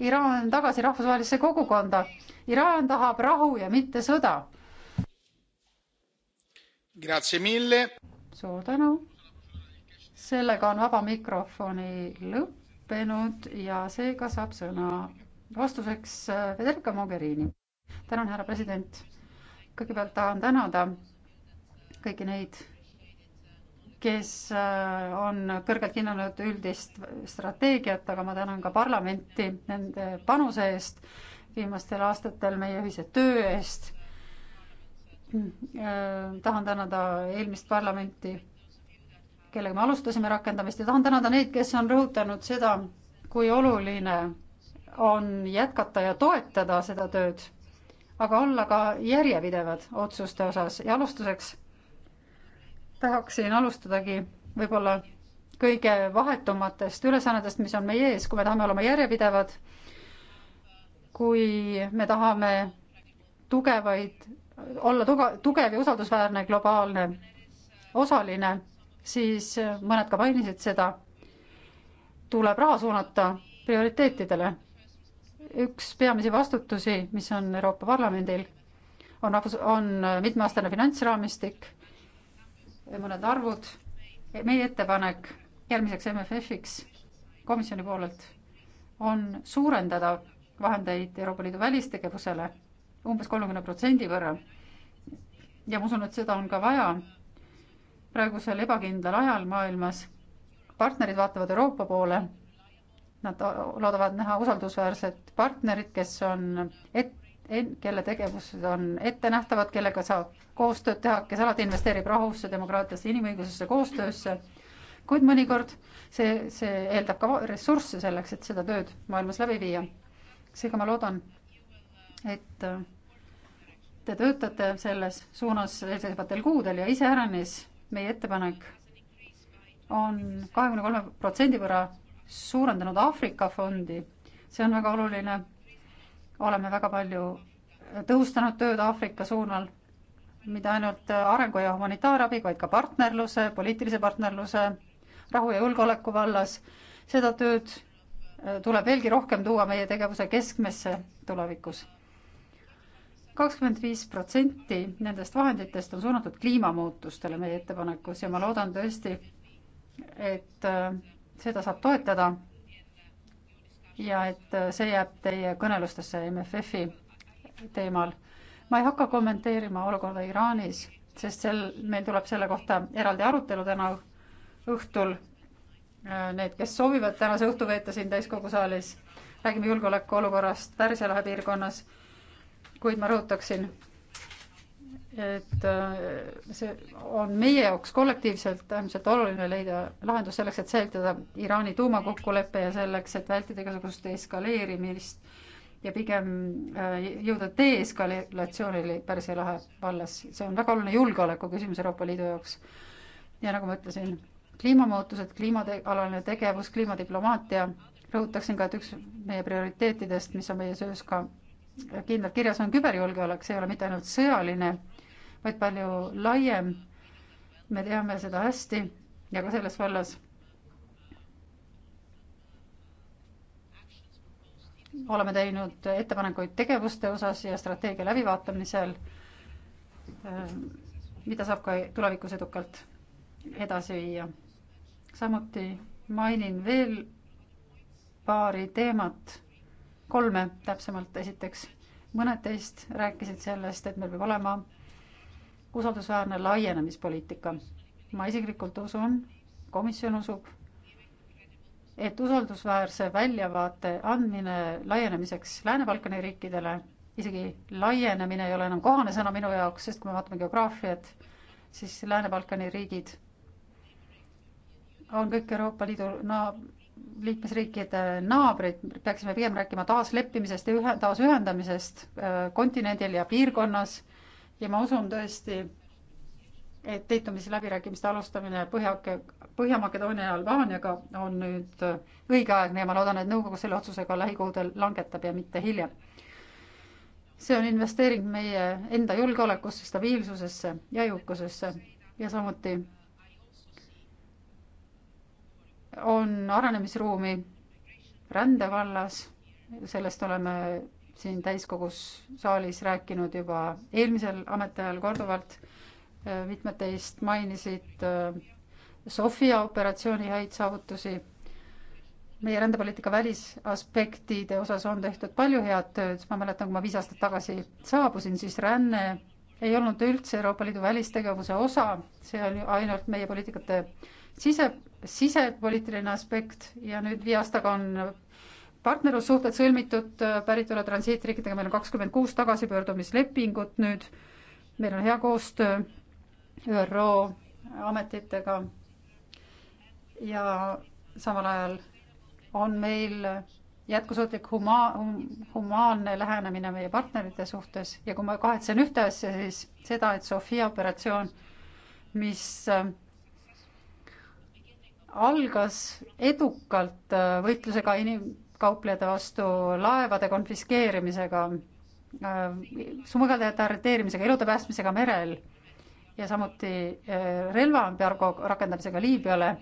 Iraan tagasi rahvusvahelisse kogukonda. Iraan tahab rahu ja mitte sõda. suur tänu. sellega on vaba mikrofoni lõppenud ja seega saab sõna vastuseks äh, Federica Mogherini. tänan, härra president. kõigepealt tahan tänada kõiki neid kes äh, on kõrgelt hinnanud üldist strateegiat, aga ma tänan ka parlamenti nende panuse eest viimastel aastatel, meie ühise töö eest. Äh, tahan tänada eelmist parlamenti, kellega me alustasime rakendamist ja tahan tänada neid, kes on rõhutanud seda, kui oluline on jätkata ja toetada seda tööd, aga olla ka järjepidevad otsuste osas ja alustuseks tahaksin alustadagi võib-olla kõige vahetumatest ülesannetest, mis on meie ees, kui me tahame olema järjepidevad, kui me tahame tugevaid, olla tuga-, tugev ja usaldusväärne globaalne osaline, siis mõned ka mainisid seda, tuleb raha suunata prioriteetidele. üks peamisi vastutusi, mis on Euroopa Parlamendil, on rahvus, on mitmeaastane finantsraamistik mõned arvud. meie ettepanek järgmiseks MFF-iks komisjoni poolelt on suurendada vahendeid Euroopa Liidu välistegevusele umbes kolmekümne protsendi võrra. ja ma usun, et seda on ka vaja praegusel ebakindlal ajal maailmas. partnerid vaatavad Euroopa poole. Nad loodavad näha usaldusväärset partnerit, kes on et-, kelle tegevused on ettenähtavad, kellega saab koostööd teha, kes alati investeerib rahusse, demokraatiasse, inimõigusesse, koostöösse, kuid mõnikord see, see eeldab ka ressursse selleks, et seda tööd maailmas läbi viia. seega ma loodan, et äh, te töötate selles suunas eelseisvatel kuudel ja iseäranis meie ettepanek on kahekümne kolme protsendi võrra suurendanud Aafrika fondi. see on väga oluline oleme väga palju tõhustanud tööd Aafrika suunal, mitte ainult arengu ja humanitaarabi, vaid ka partnerluse, poliitilise partnerluse, rahu ja julgeoleku vallas. seda tööd äh, tuleb veelgi rohkem tuua meie tegevuse keskmesse tulevikus. kakskümmend viis protsenti nendest vahenditest on suunatud kliimamuutustele meie ettepanekus ja ma loodan tõesti, et äh, seda saab toetada ja et äh, see jääb teie kõnelustesse MFF-i teemal. ma ei hakka kommenteerima olukorda Iraanis, sest sel, meil tuleb selle kohta eraldi arutelu täna õhtul. Äh, need, kes soovivad tänase õhtu veeta siin täiskogu saalis, räägime julgeolekuolukorrast Pärsia lahe piirkonnas, kuid ma rõhutaksin, et äh, see on meie jaoks kollektiivselt äärmiselt oluline leida lahendus selleks, et säilitada Iraani tuumakokkulepe ja selleks, et vältida igasugust eskaleerimist ja pigem äh, jõuda deeskalatsioonile Pärsia lahe vallas. see on väga oluline julgeoleku küsimus Euroopa Liidu jaoks. ja nagu ma ütlesin, kliimamuutused, kliimaalaline tegevus, kliimadiplomaatia, rõhutaksin ka, et üks meie prioriteetidest, mis on meie söös ka kindlalt kirjas, on küberjulgeolek, see ei ole mitte ainult sõjaline vaid palju laiem. me teame seda hästi ja ka selles vallas oleme teinud ettepanekuid tegevuste osas ja strateegia läbivaatamisel, äh, mida saab ka tulevikus edukalt edasi viia. samuti mainin veel paari teemat, kolme täpsemalt, esiteks mõned teist rääkisid sellest, et meil peab olema usaldusväärne laienemispoliitika. ma isiklikult usun, komisjon usub, et usaldusväärse väljavaate andmine laienemiseks Lääne-Balkani riikidele, isegi laienemine ei ole enam kohane sõna minu jaoks, sest kui me vaatame geograafiat, siis Lääne-Balkani riigid on kõik Euroopa Liidu naab-, liikmesriikide naabrid, peaksime pigem rääkima taasleppimisest ja ühe, taasühendamisest äh, kontinendil ja piirkonnas ja ma usun tõesti, et liitumisläbirääkimiste alustamine Põhja, Põhja-Makedoonia ja Albaaniaga on nüüd õigeaegne ja ma loodan, et nõukogu selle otsuse ka lähikuudel langetab ja mitte hiljem. see on investeering meie enda julgeolekusse, stabiilsusesse ja jõukusesse ja samuti on arenemisruumi rände vallas, sellest oleme siin täiskogus saalis rääkinud juba eelmisel ametiajal korduvalt. Äh, mitmed teist mainisid äh, Sofia operatsiooni häid saavutusi. meie rändepoliitika välisaspektide osas on tehtud palju head tööd, ma mäletan, kui ma viis aastat tagasi saabusin, siis ränne ei olnud üldse Euroopa Liidu välistegevuse osa, see on ju ainult meie poliitikate sise, sisepoliitiline aspekt ja nüüd viie aastaga on partnerlussuhted sõlmitud äh, päritolu transiitriikidega, meil on kakskümmend kuus tagasipöördumislepingut nüüd, meil on hea koostöö ÜRO ametitega ja samal ajal on meil jätkusuutlik huma-, hum-, humaanne lähenemine meie partnerite suhtes ja kui ma kahetsen ühte asja, siis seda, et Sofia operatsioon, mis äh, algas edukalt äh, võitlusega inim-, kauplejate vastu laevade konfiskeerimisega, äh, smugeldajate arreteerimisega, elude päästmisega merel ja samuti äh, relvaembargo rakendamisega Liibüale.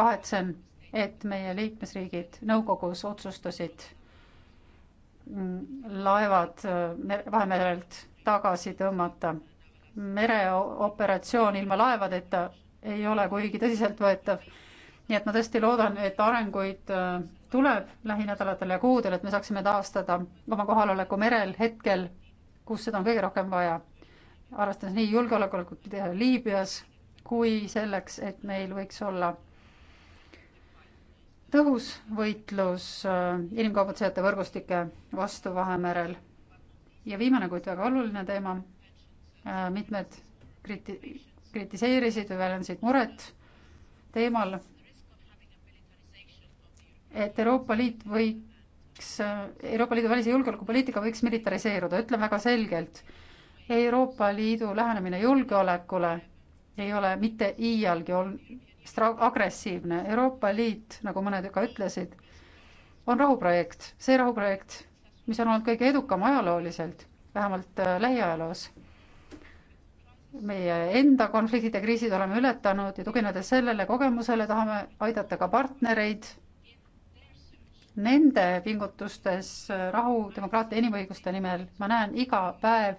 kahetsen, et meie liikmesriigid nõukogus otsustasid mm, laevad äh, Vahemerelt tagasi tõmmata. mereoperatsioon ilma laevadeta ei ole kuigi tõsiseltvõetav. nii et ma tõesti loodan, et arenguid tuleb lähinädalatel ja kuudel, et me saaksime taastada oma kohaloleku merel hetkel, kus seda on kõige rohkem vaja. arvestades nii julgeolekut Liibüas kui selleks, et meil võiks olla tõhus võitlus äh, inimkaubitsejate võrgustike vastu Vahemerel. ja viimane, kuid väga oluline teema, äh, mitmed kriti-, kritiseerisid või väljendasid muret teemal, et Euroopa Liit võiks, Euroopa Liidu välis- ja julgeolekupoliitika võiks militariseeruda, ütlen väga selgelt, Euroopa Liidu lähenemine julgeolekule ei ole mitte iialgi olnud agressiivne, Euroopa Liit, nagu mõned ka ütlesid, on rahuprojekt, see rahuprojekt, mis on olnud kõige edukam ajalooliselt, vähemalt äh, lähiajaloos meie enda konfliktid ja kriisid oleme ületanud ja tuginedes sellele kogemusele tahame aidata ka partnereid nende pingutustes rahu, demokraatia, inimõiguste nimel ma näen iga päev,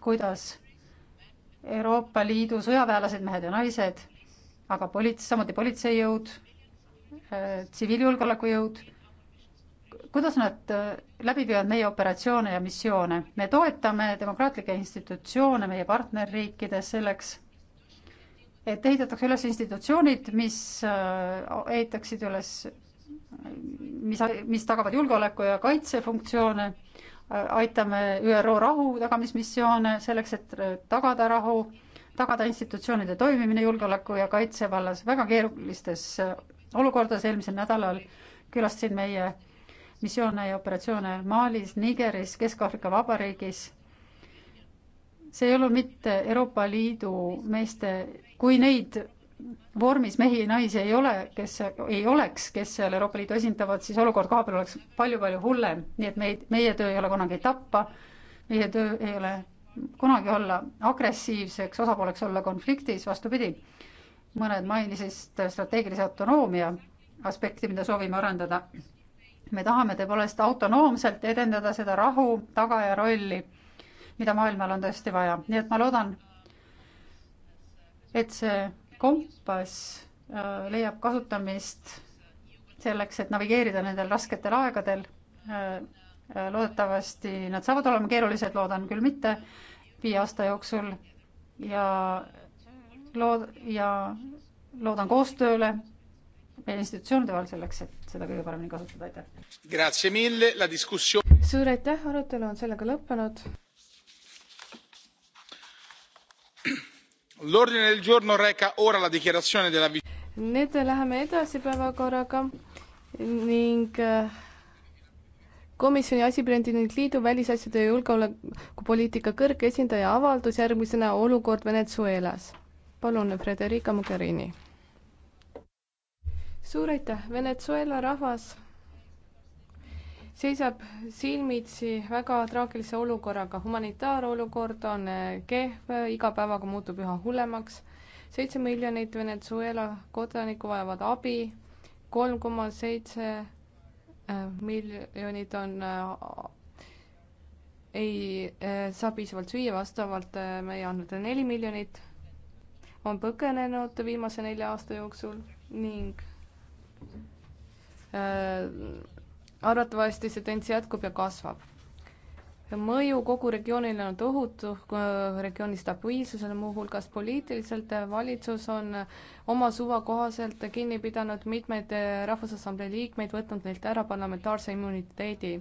kuidas Euroopa Liidu sõjaväelased, mehed ja naised, aga polits-, samuti politseijõud, äh, tsiviiljulgeolekujõud, kuidas nad äh, läbi viivad meie operatsioone ja missioone. me toetame demokraatlikke institutsioone meie partnerriikides selleks, et ehitatakse üles institutsioonid, mis äh, ehitaksid üles mis, mis tagavad julgeoleku ja kaitsefunktsioone, aitame ÜRO rahutagamismissioone selleks, et tagada rahu, tagada institutsioonide toimimine julgeoleku ja kaitse vallas väga keerulistes olukordades, eelmisel nädalal külastasin meie missioone ja operatsioone Malis, Nigeris, Kesk-Aafrika Vabariigis. see ei olnud mitte Euroopa Liidu meeste, kui neid vormis mehi ja naisi ei ole, kes ei oleks, kes seal Euroopa Liidu esindavad, siis olukord kohapeal oleks palju-palju hullem, nii et meid, meie töö ei ole kunagi tappa, meie töö ei ole kunagi olla agressiivseks osapooleks olla konfliktis, vastupidi, mõned mainisid strateegilise autonoomia aspekti, mida soovime arendada. me tahame tõepoolest autonoomselt edendada seda rahu tagaja rolli, mida maailmal on tõesti vaja, nii et ma loodan, et see kompass äh, leiab kasutamist selleks, et navigeerida nendel rasketel aegadel. Äh, äh, loodetavasti nad saavad olema keerulised, loodan küll mitte, viie aasta jooksul ja lood- ja loodan koostööle meie institutsioonide vahel selleks, et seda kõige paremini kasutada, aitäh. suur aitäh, arutelu on sellega lõppenud l'ordine del giorno reca ora la dichiarazione della nüüd läheme edasi päevakorraga ning eh, komisjoni asepresidendi liidu välisasjade ja julgeolekupoliitika kõrge esindaja avaldus järgmisena olukord Venezuelas. palun, Frederica Mogherini. suur aitäh, Venezuela rahvas seisab silmitsi väga traagilise olukorraga. humanitaarolukord on äh, kehv, iga päevaga muutub üha hullemaks. seitse miljonit Venezuela kodanikku vajavad abi, kolm koma seitse äh, miljonit on, äh, ei saa piisavalt süüa, vastavalt meie andmetel neli miljonit on põgenenud viimase nelja aasta jooksul ning öö, arvatavasti see tendents jätkub ja kasvab. mõju kogu regioonile on tohutu, äh, regiooni stabiilsusele muuhulgas poliitiliselt, äh, valitsus on äh, oma suva kohaselt kinni pidanud mitmeid Rahvusassamblee liikmeid, võtnud neilt ära parlamentaarse immuniteedi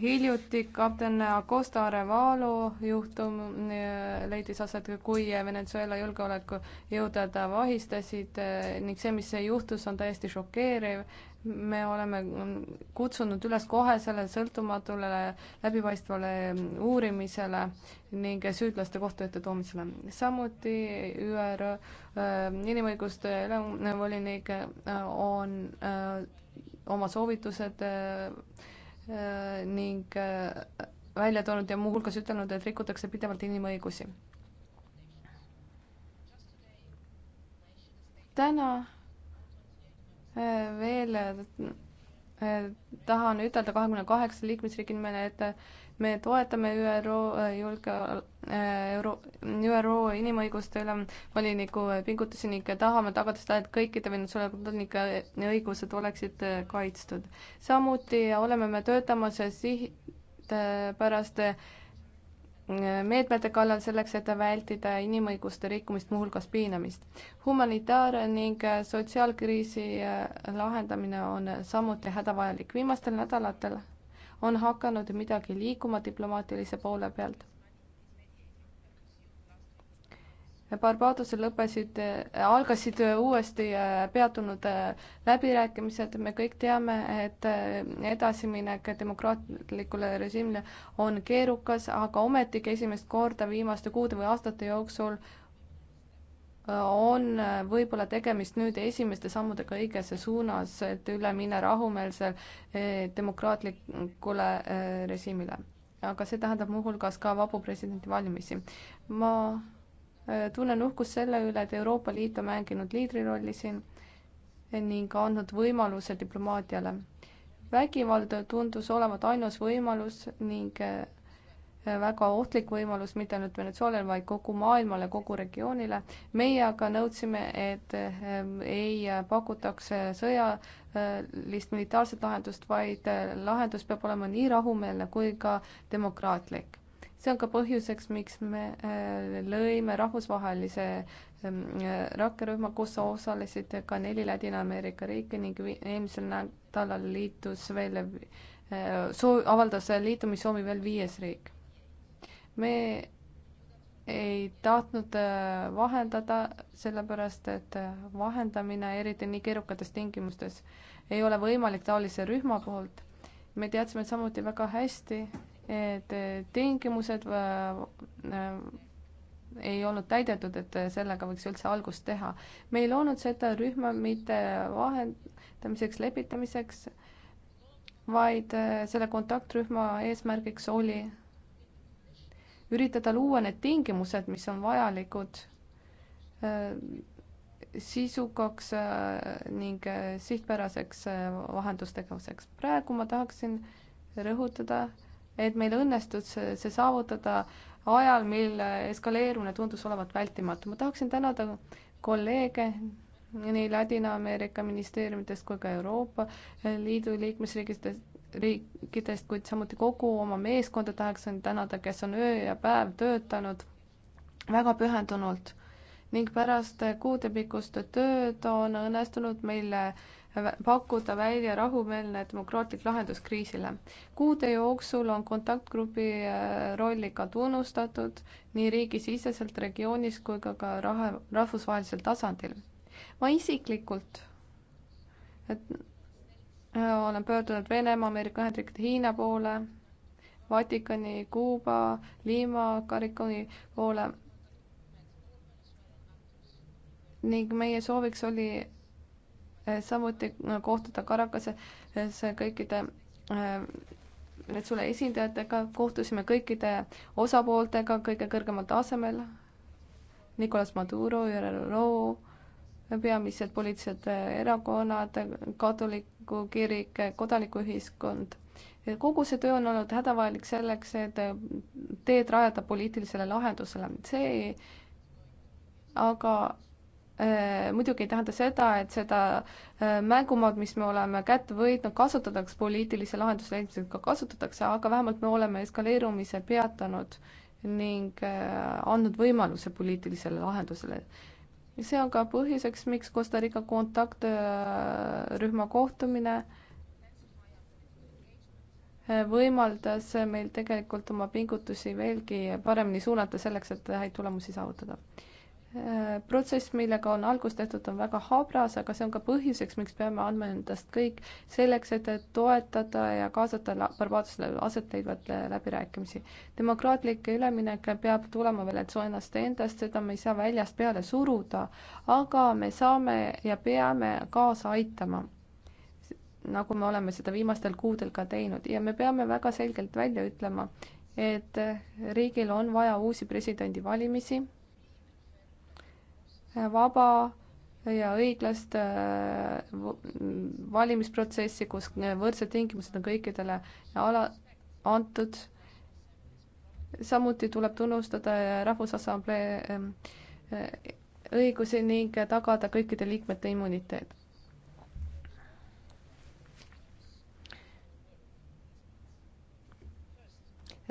hiljuti kapten Acosta Arevalo juhtum eh, leidis aset, kui Venezuela julgeolekujõud ta vahistasid eh, ning see, mis juhtus, on täiesti šokeeriv. me oleme kutsunud üles kohesele sõltumatule läbipaistvale uurimisele ning süüdlaste kohtu ette toomisele. samuti ÜRO eh, inimõiguste ülemvolinik on öö, oma soovitused öö, Äh, ning äh, välja toonud ja muuhulgas ütelnud, et rikutakse pidevalt inimõigusi. täna äh, veel tahan ütelda kahekümne kaheksa liikmesriigi nimel, et me toetame ÜRO äh, julgeol-, äh, Euro-, ÜRO inimõiguste ülemvoliniku äh, pingutusi ning tahame tagada seda, et kõikide Venezuela kodanike õigused oleksid kaitstud. samuti oleme me töötamas sihtpäraste meetmete kallal selleks, et vältida inimõiguste rikkumist, muuhulgas piinamist. humanitaar- ning sotsiaalkriisi lahendamine on samuti hädavajalik. viimastel nädalatel on hakanud midagi liikuma diplomaatilise poole pealt. Barbadosel lõppesid, algasid uuesti peatunud läbirääkimised, me kõik teame, et edasiminek demokraatlikule režiimile on keerukas, aga ometigi esimest korda viimaste kuude või aastate jooksul on võib-olla tegemist nüüd esimeste sammudega õigesse suunas, et üle minna rahumeelsel eh, demokraatlikule eh, režiimile. aga see tähendab muuhulgas ka vabu presidendivalimisi. ma eh, tunnen uhkust selle üle, et Euroopa Liit on mänginud liidrirolli siin ning andnud võimaluse diplomaatiale. vägivald tundus olevat ainus võimalus ning väga ohtlik võimalus mitte ainult Venezuelale, vaid kogu maailmale, kogu regioonile. meie aga nõudsime, et ehm, ei pakutaks sõjalist militaarset lahendust, vaid eh, lahendus peab olema nii rahumeelne kui ka demokraatlik. see on ka põhjuseks, miks me eh, lõime rahvusvahelise ehm, rakkerühma, kus osalesid ka neli Ladina-Ameerika riiki ning eelmisel nädalal liitus veel, eh, avaldas liitumissoovi veel viies riik me ei tahtnud äh, vahendada, sellepärast et äh, vahendamine, eriti nii keerukates tingimustes, ei ole võimalik taolise rühma poolt. me teadsime samuti väga hästi, et äh, tingimused ei olnud täidetud, et sellega võiks üldse algust teha. me ei loonud seda rühma mitte vahendamiseks, lepitamiseks, vaid selle kontaktrühma eesmärgiks oli üritada luua need tingimused, mis on vajalikud äh, sisukaks äh, ning äh, sihtpäraseks vahendustegevuseks. praegu ma tahaksin rõhutada, et meil õnnestus see saavutada ajal, mil eskaleerumine tundus olevat vältimatu. ma tahaksin tänada kolleege nii Ladina-Ameerika ministeeriumitest kui ka Euroopa Liidu liikmesriikidest riikidest, kuid samuti kogu oma meeskonda tahaksin tänada, kes on öö ja päev töötanud väga pühendunult ning pärast kuudepikkust tööd on õnnestunud meile pakkuda välja rahumeelne demokraatlik lahendus kriisile. kuude jooksul on kontaktgrupi äh, rolli ka tunnustatud nii riigisiseselt regioonis kui ka ka raha, rahvusvahelisel tasandil. ma isiklikult et Äh, olen pöördunud Venemaa, Ameerika Ühendriikide, Hiina poole, Vatikani, Kuuba, Lima, Cariconi poole. ning meie sooviks oli äh, samuti äh, kohtuda Caracases kõikide need sulle esindajatega, kohtusime kõikide osapooltega kõige kõrgemal tasemel. Nicolas Maduro, ÜRO peamised poliitilised erakonnad, katoliku kirik, kodanikuühiskond. kogu see töö on olnud hädavajalik selleks, et teed rajada poliitilisele lahendusele. see aga äh, muidugi ei tähenda seda, et seda äh, mängumaad, mis me oleme kätte võitnud, kasutatakse poliitilise lahenduse leidmisel ka kasutatakse, aga vähemalt me oleme eskaleerumise peatanud ning äh, andnud võimaluse poliitilisele lahendusele see on ka põhjuseks, miks Costa Rica kontaktrühma kohtumine eh, võimaldas meil tegelikult oma pingutusi veelgi paremini suunata selleks, et häid tulemusi saavutada protsess, millega on algustatud, on väga habras, aga see on ka põhjuseks, miks peame andma endast kõik selleks, et toetada ja kaasata Barbadosele aset leidvat läbirääkimisi. demokraatlik üleminek peab tulema Venezuelast endast, seda me ei saa väljast peale suruda, aga me saame ja peame kaasa aitama nagu me oleme seda viimastel kuudel ka teinud ja me peame väga selgelt välja ütlema, et riigil on vaja uusi presidendivalimisi vaba ja õiglast äh, valimisprotsessi, kus võrdsed tingimused on kõikidele ala, antud. samuti tuleb tunnustada äh, Rahvusassamblee ähm, äh, õigusi ning tagada kõikide liikmete immuniteet.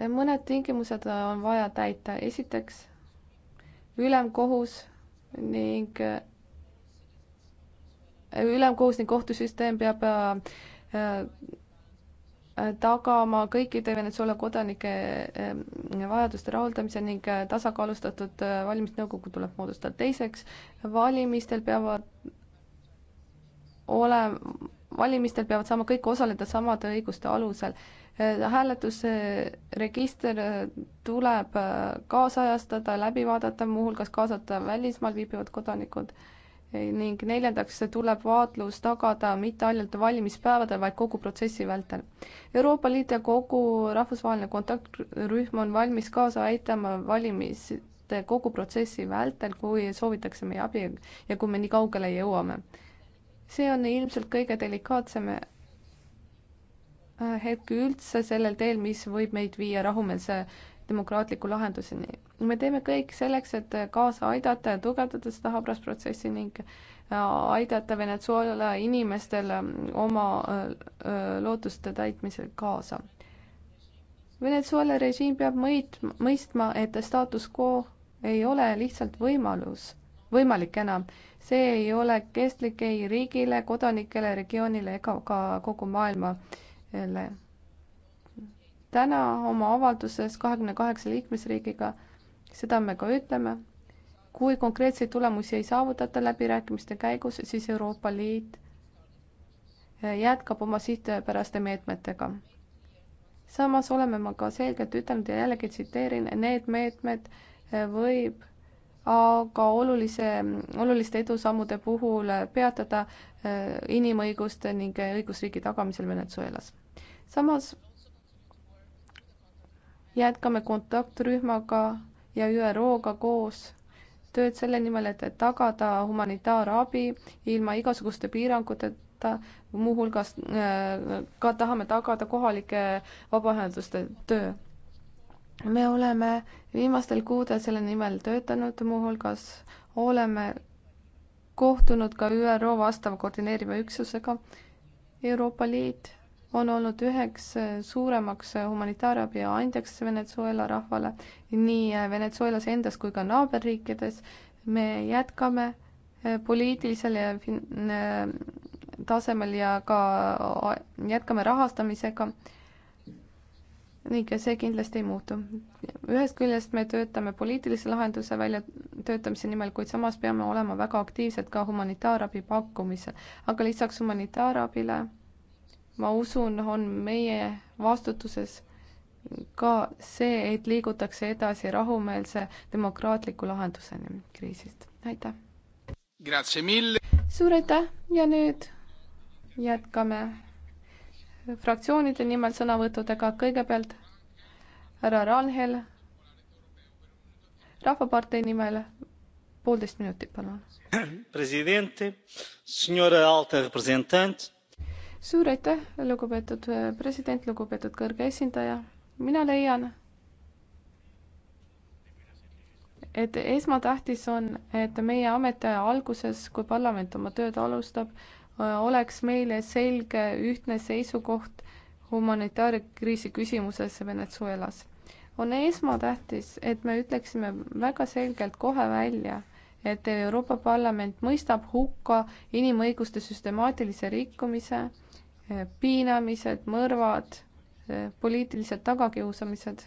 mõned tingimused on vaja täita, esiteks ülemkohus ning äh, ülemkohus ning kohtusüsteem peab äh, äh, tagama kõikide Venezuela kodanike vajaduste rahuldamise ning tasakaalustatud valimisnõukogu tuleb moodustada. teiseks, valimistel peavad ole, valimistel peavad saama kõik osaleda samade õiguste alusel Eh, hääletuse register eh, tuleb eh, kaasajastada, läbi vaadata, muuhulgas kaasata välismaal viibivad kodanikud ning neljandaks tuleb vaatlus tagada mitte ainult valimispäevadel, vaid kogu protsessi vältel. Euroopa Liit ja kogu rahvusvaheline kontaktrühm on valmis kaasa aitama valimiste kogu protsessi vältel, kui soovitakse meie abi ja kui me nii kaugele jõuame. see on ilmselt kõige delikaatsem hetk üldse sellel teel, mis võib meid viia rahumeelse demokraatliku lahenduseni. me teeme kõik selleks, et kaasa aidata ja tugevdada seda habras protsessi ning äh, aidata Venezuela inimestel äh, oma äh, lootuste täitmisel kaasa. Venezuela režiim peab mõit-, mõistma, et status quo ei ole lihtsalt võimalus, võimalik enam. see ei ole kestlik ei riigile, kodanikele, regioonile ega ka kogu maailma äh, täna oma avalduses kahekümne kaheksa liikmesriigiga, seda me ka ütleme, kui konkreetseid tulemusi ei saavutata läbirääkimiste käigus, siis Euroopa Liit eh, jätkab oma sihtpäraste meetmetega. samas oleme ma ka selgelt ütelnud ja jällegi tsiteerin, need meetmed eh, võib aga olulise, oluliste edusammude puhul peatada eh, inimõiguste ning õigusriigi tagamisel Venezuelas samas jätkame kontaktrühmaga ja üroga koos tööd selle nimel, et tagada humanitaarabi ilma igasuguste piiranguteta, muuhulgas äh, ka tahame tagada kohalike vabaühenduste töö. me oleme viimastel kuudel selle nimel töötanud, muuhulgas oleme kohtunud ka ÜRO vastava koordineeriva üksusega. Euroopa Liit on olnud üheks suuremaks humanitaarabi andjaks Venezuela rahvale nii Venezuelas endas kui ka naaberriikides. me jätkame eh, poliitilisel ja fin-, eh, tasemel ja ka jätkame rahastamisega ning see kindlasti ei muutu. ühest küljest me töötame poliitilise lahenduse väljatöötamise nimel, kuid samas peame olema väga aktiivsed ka humanitaarabi pakkumisel. aga lisaks humanitaarabile ma usun, on meie vastutuses ka see, et liigutakse edasi rahumeelse demokraatliku lahenduseni kriisist. aitäh! suur aitäh ja nüüd jätkame fraktsioonide nimel sõnavõttudega, kõigepealt härra Ranhel, Rahvapartei nimel poolteist minutit, palun. president, senor alta representant suur aitäh, lugupeetud äh, president, lugupeetud kõrge esindaja. mina leian, et esmatähtis on, et meie ametiaja alguses, kui parlament oma tööd alustab, äh, oleks meile selge ühtne seisukoht humanitaarkriisi küsimuses Venezuelas. on esmatähtis, et me ütleksime väga selgelt kohe välja, et Euroopa Parlament mõistab hukka inimõiguste süstemaatilise rikkumise piinamised, mõrvad, poliitilised tagakiusamised,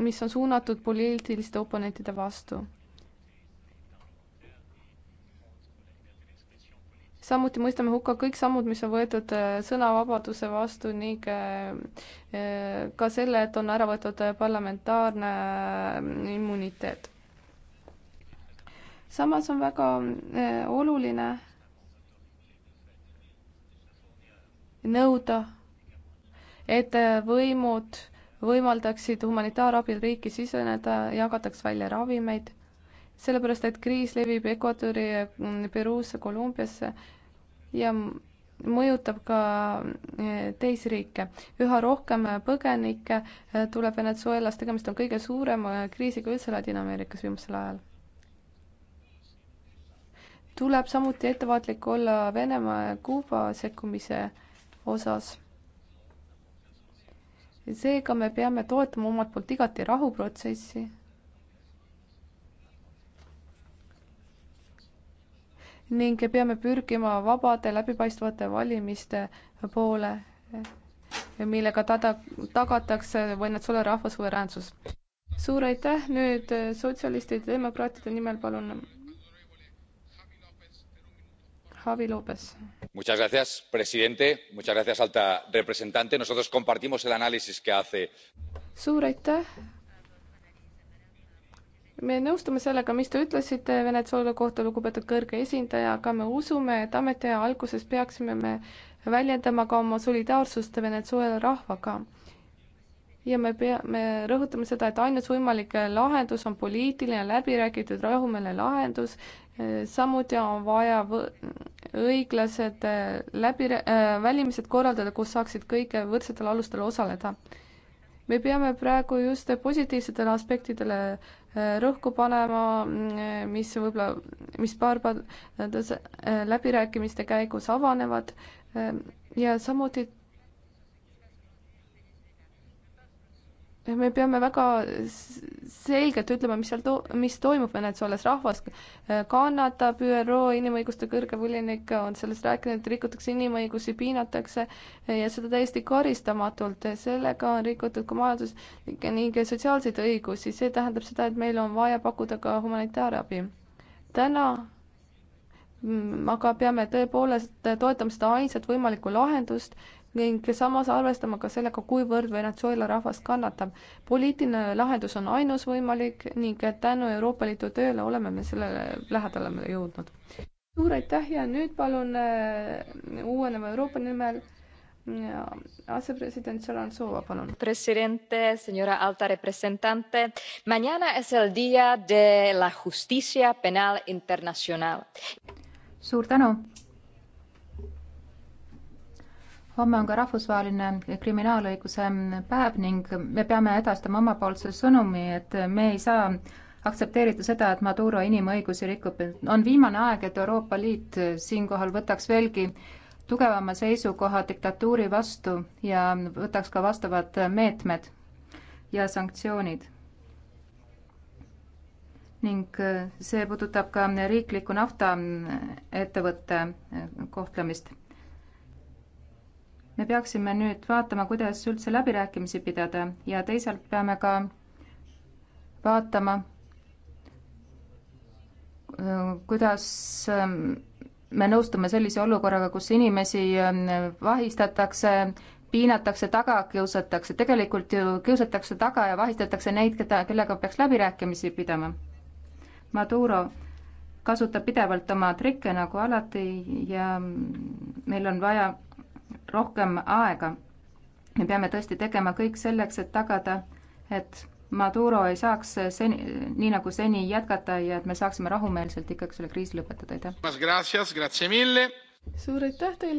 mis on suunatud poliitiliste oponentide vastu. samuti mõistame hukka kõik sammud, mis on võetud äh, sõnavabaduse vastu ning äh, äh, ka selle, et on ära võetud parlamentaarne immuniteet samas on väga eh, oluline nõuda, et eh, võimud võimaldaksid humanitaarabil riiki siseneda, jagataks välja ravimeid, sellepärast et kriis levib Ecuadori, mm, Peruusse, Kolumbiasse ja mõjutab ka eh, teisi riike. üha rohkem põgenikke tuleb Venezuelast, tegemist on kõige suurema kriisiga üldse Ladina-Ameerikas viimasel ajal tuleb samuti ettevaatlik olla Venemaa ja Kuuba sekkumise osas. seega me peame toetama omalt poolt igati rahuprotsessi. ning peame pürgima vabade läbipaistvate valimiste poole, millega tada, tagatakse Venezuela rahva suveräänsus. suur aitäh, nüüd sotsialistide ja demokraatide nimel palun señor presidente alta representante nosotros compartimos el análisis que hace. suur aitäh! me nõustume sellega mis te ütlesite venezuela kohta lugupeetud kõrge esindaja aga me usume et ametiaja alguses peaksime me väljendama ka oma solidaarsust venezuela rahvaga ja me peame rõhutama seda, et ainus võimalik lahendus on poliitiline läbiräägitud rahumeelne lahendus, samuti on vaja õiglased läbi äh,, äh välimised korraldada, kus saaksid kõik võrdsetel alustel osaleda. me peame praegu just positiivsetele aspektidele äh, rõhku panema, mm, mis võib-olla, mis paar päev äh, läbirääkimiste käigus avanevad ja samuti me peame väga selgelt ütlema, mis seal to-, mis toimub Venezuelas, rahvas äh, kannatab, ÜRO inimõiguste kõrge volinik on sellest rääkinud, et rikutakse inimõigusi, piinatakse äh, ja seda täiesti karistamatult, sellega on rikutud ka majanduslikke ning sotsiaalseid õigusi, see tähendab seda, et meil on vaja pakkuda ka humanitaarabi. täna aga peame tõepoolest toetama seda ainsat võimalikku lahendust ning samas arvestama ka sellega, kuivõrd Venezuela rahvas kannatab. poliitiline lahendus on ainus võimalik ning tänu Euroopa Liidu tööle oleme me sellele lähedale jõudnud. suur aitäh ja nüüd palun äh, uueneva Euroopa nimel Ja, äh, asepresident Solanzova, palun. Presidente, señora alta representante, mañana es el día de la justicia penal internacional. suur tänu homme on ka rahvusvaheline kriminaalõiguse päev ning me peame edastama omapoolse sõnumi, et me ei saa aktsepteerida seda, et Maduro inimõigusi rikub. on viimane aeg, et Euroopa Liit siinkohal võtaks veelgi tugevama seisukoha diktatuuri vastu ja võtaks ka vastavad meetmed ja sanktsioonid. ning see puudutab ka riikliku naftaettevõtte kohtlemist me peaksime nüüd vaatama, kuidas üldse läbirääkimisi pidada ja teisalt peame ka vaatama, kuidas ähm, me nõustume sellise olukorraga, kus inimesi ähm, vahistatakse, piinatakse taga, kiusatakse, tegelikult ju kiusatakse taga ja vahistatakse neid, keda, kellega peaks läbirääkimisi pidama. Maduro kasutab pidevalt oma trikke nagu alati ja mm, meil on vaja rohkem aega. me peame tõesti tegema kõik selleks, et tagada, et Maduro ei saaks seni, nii nagu seni jätkata ja et me saaksime rahumeelselt ikkagi selle kriisi lõpetada, aitäh. suur aitäh teile.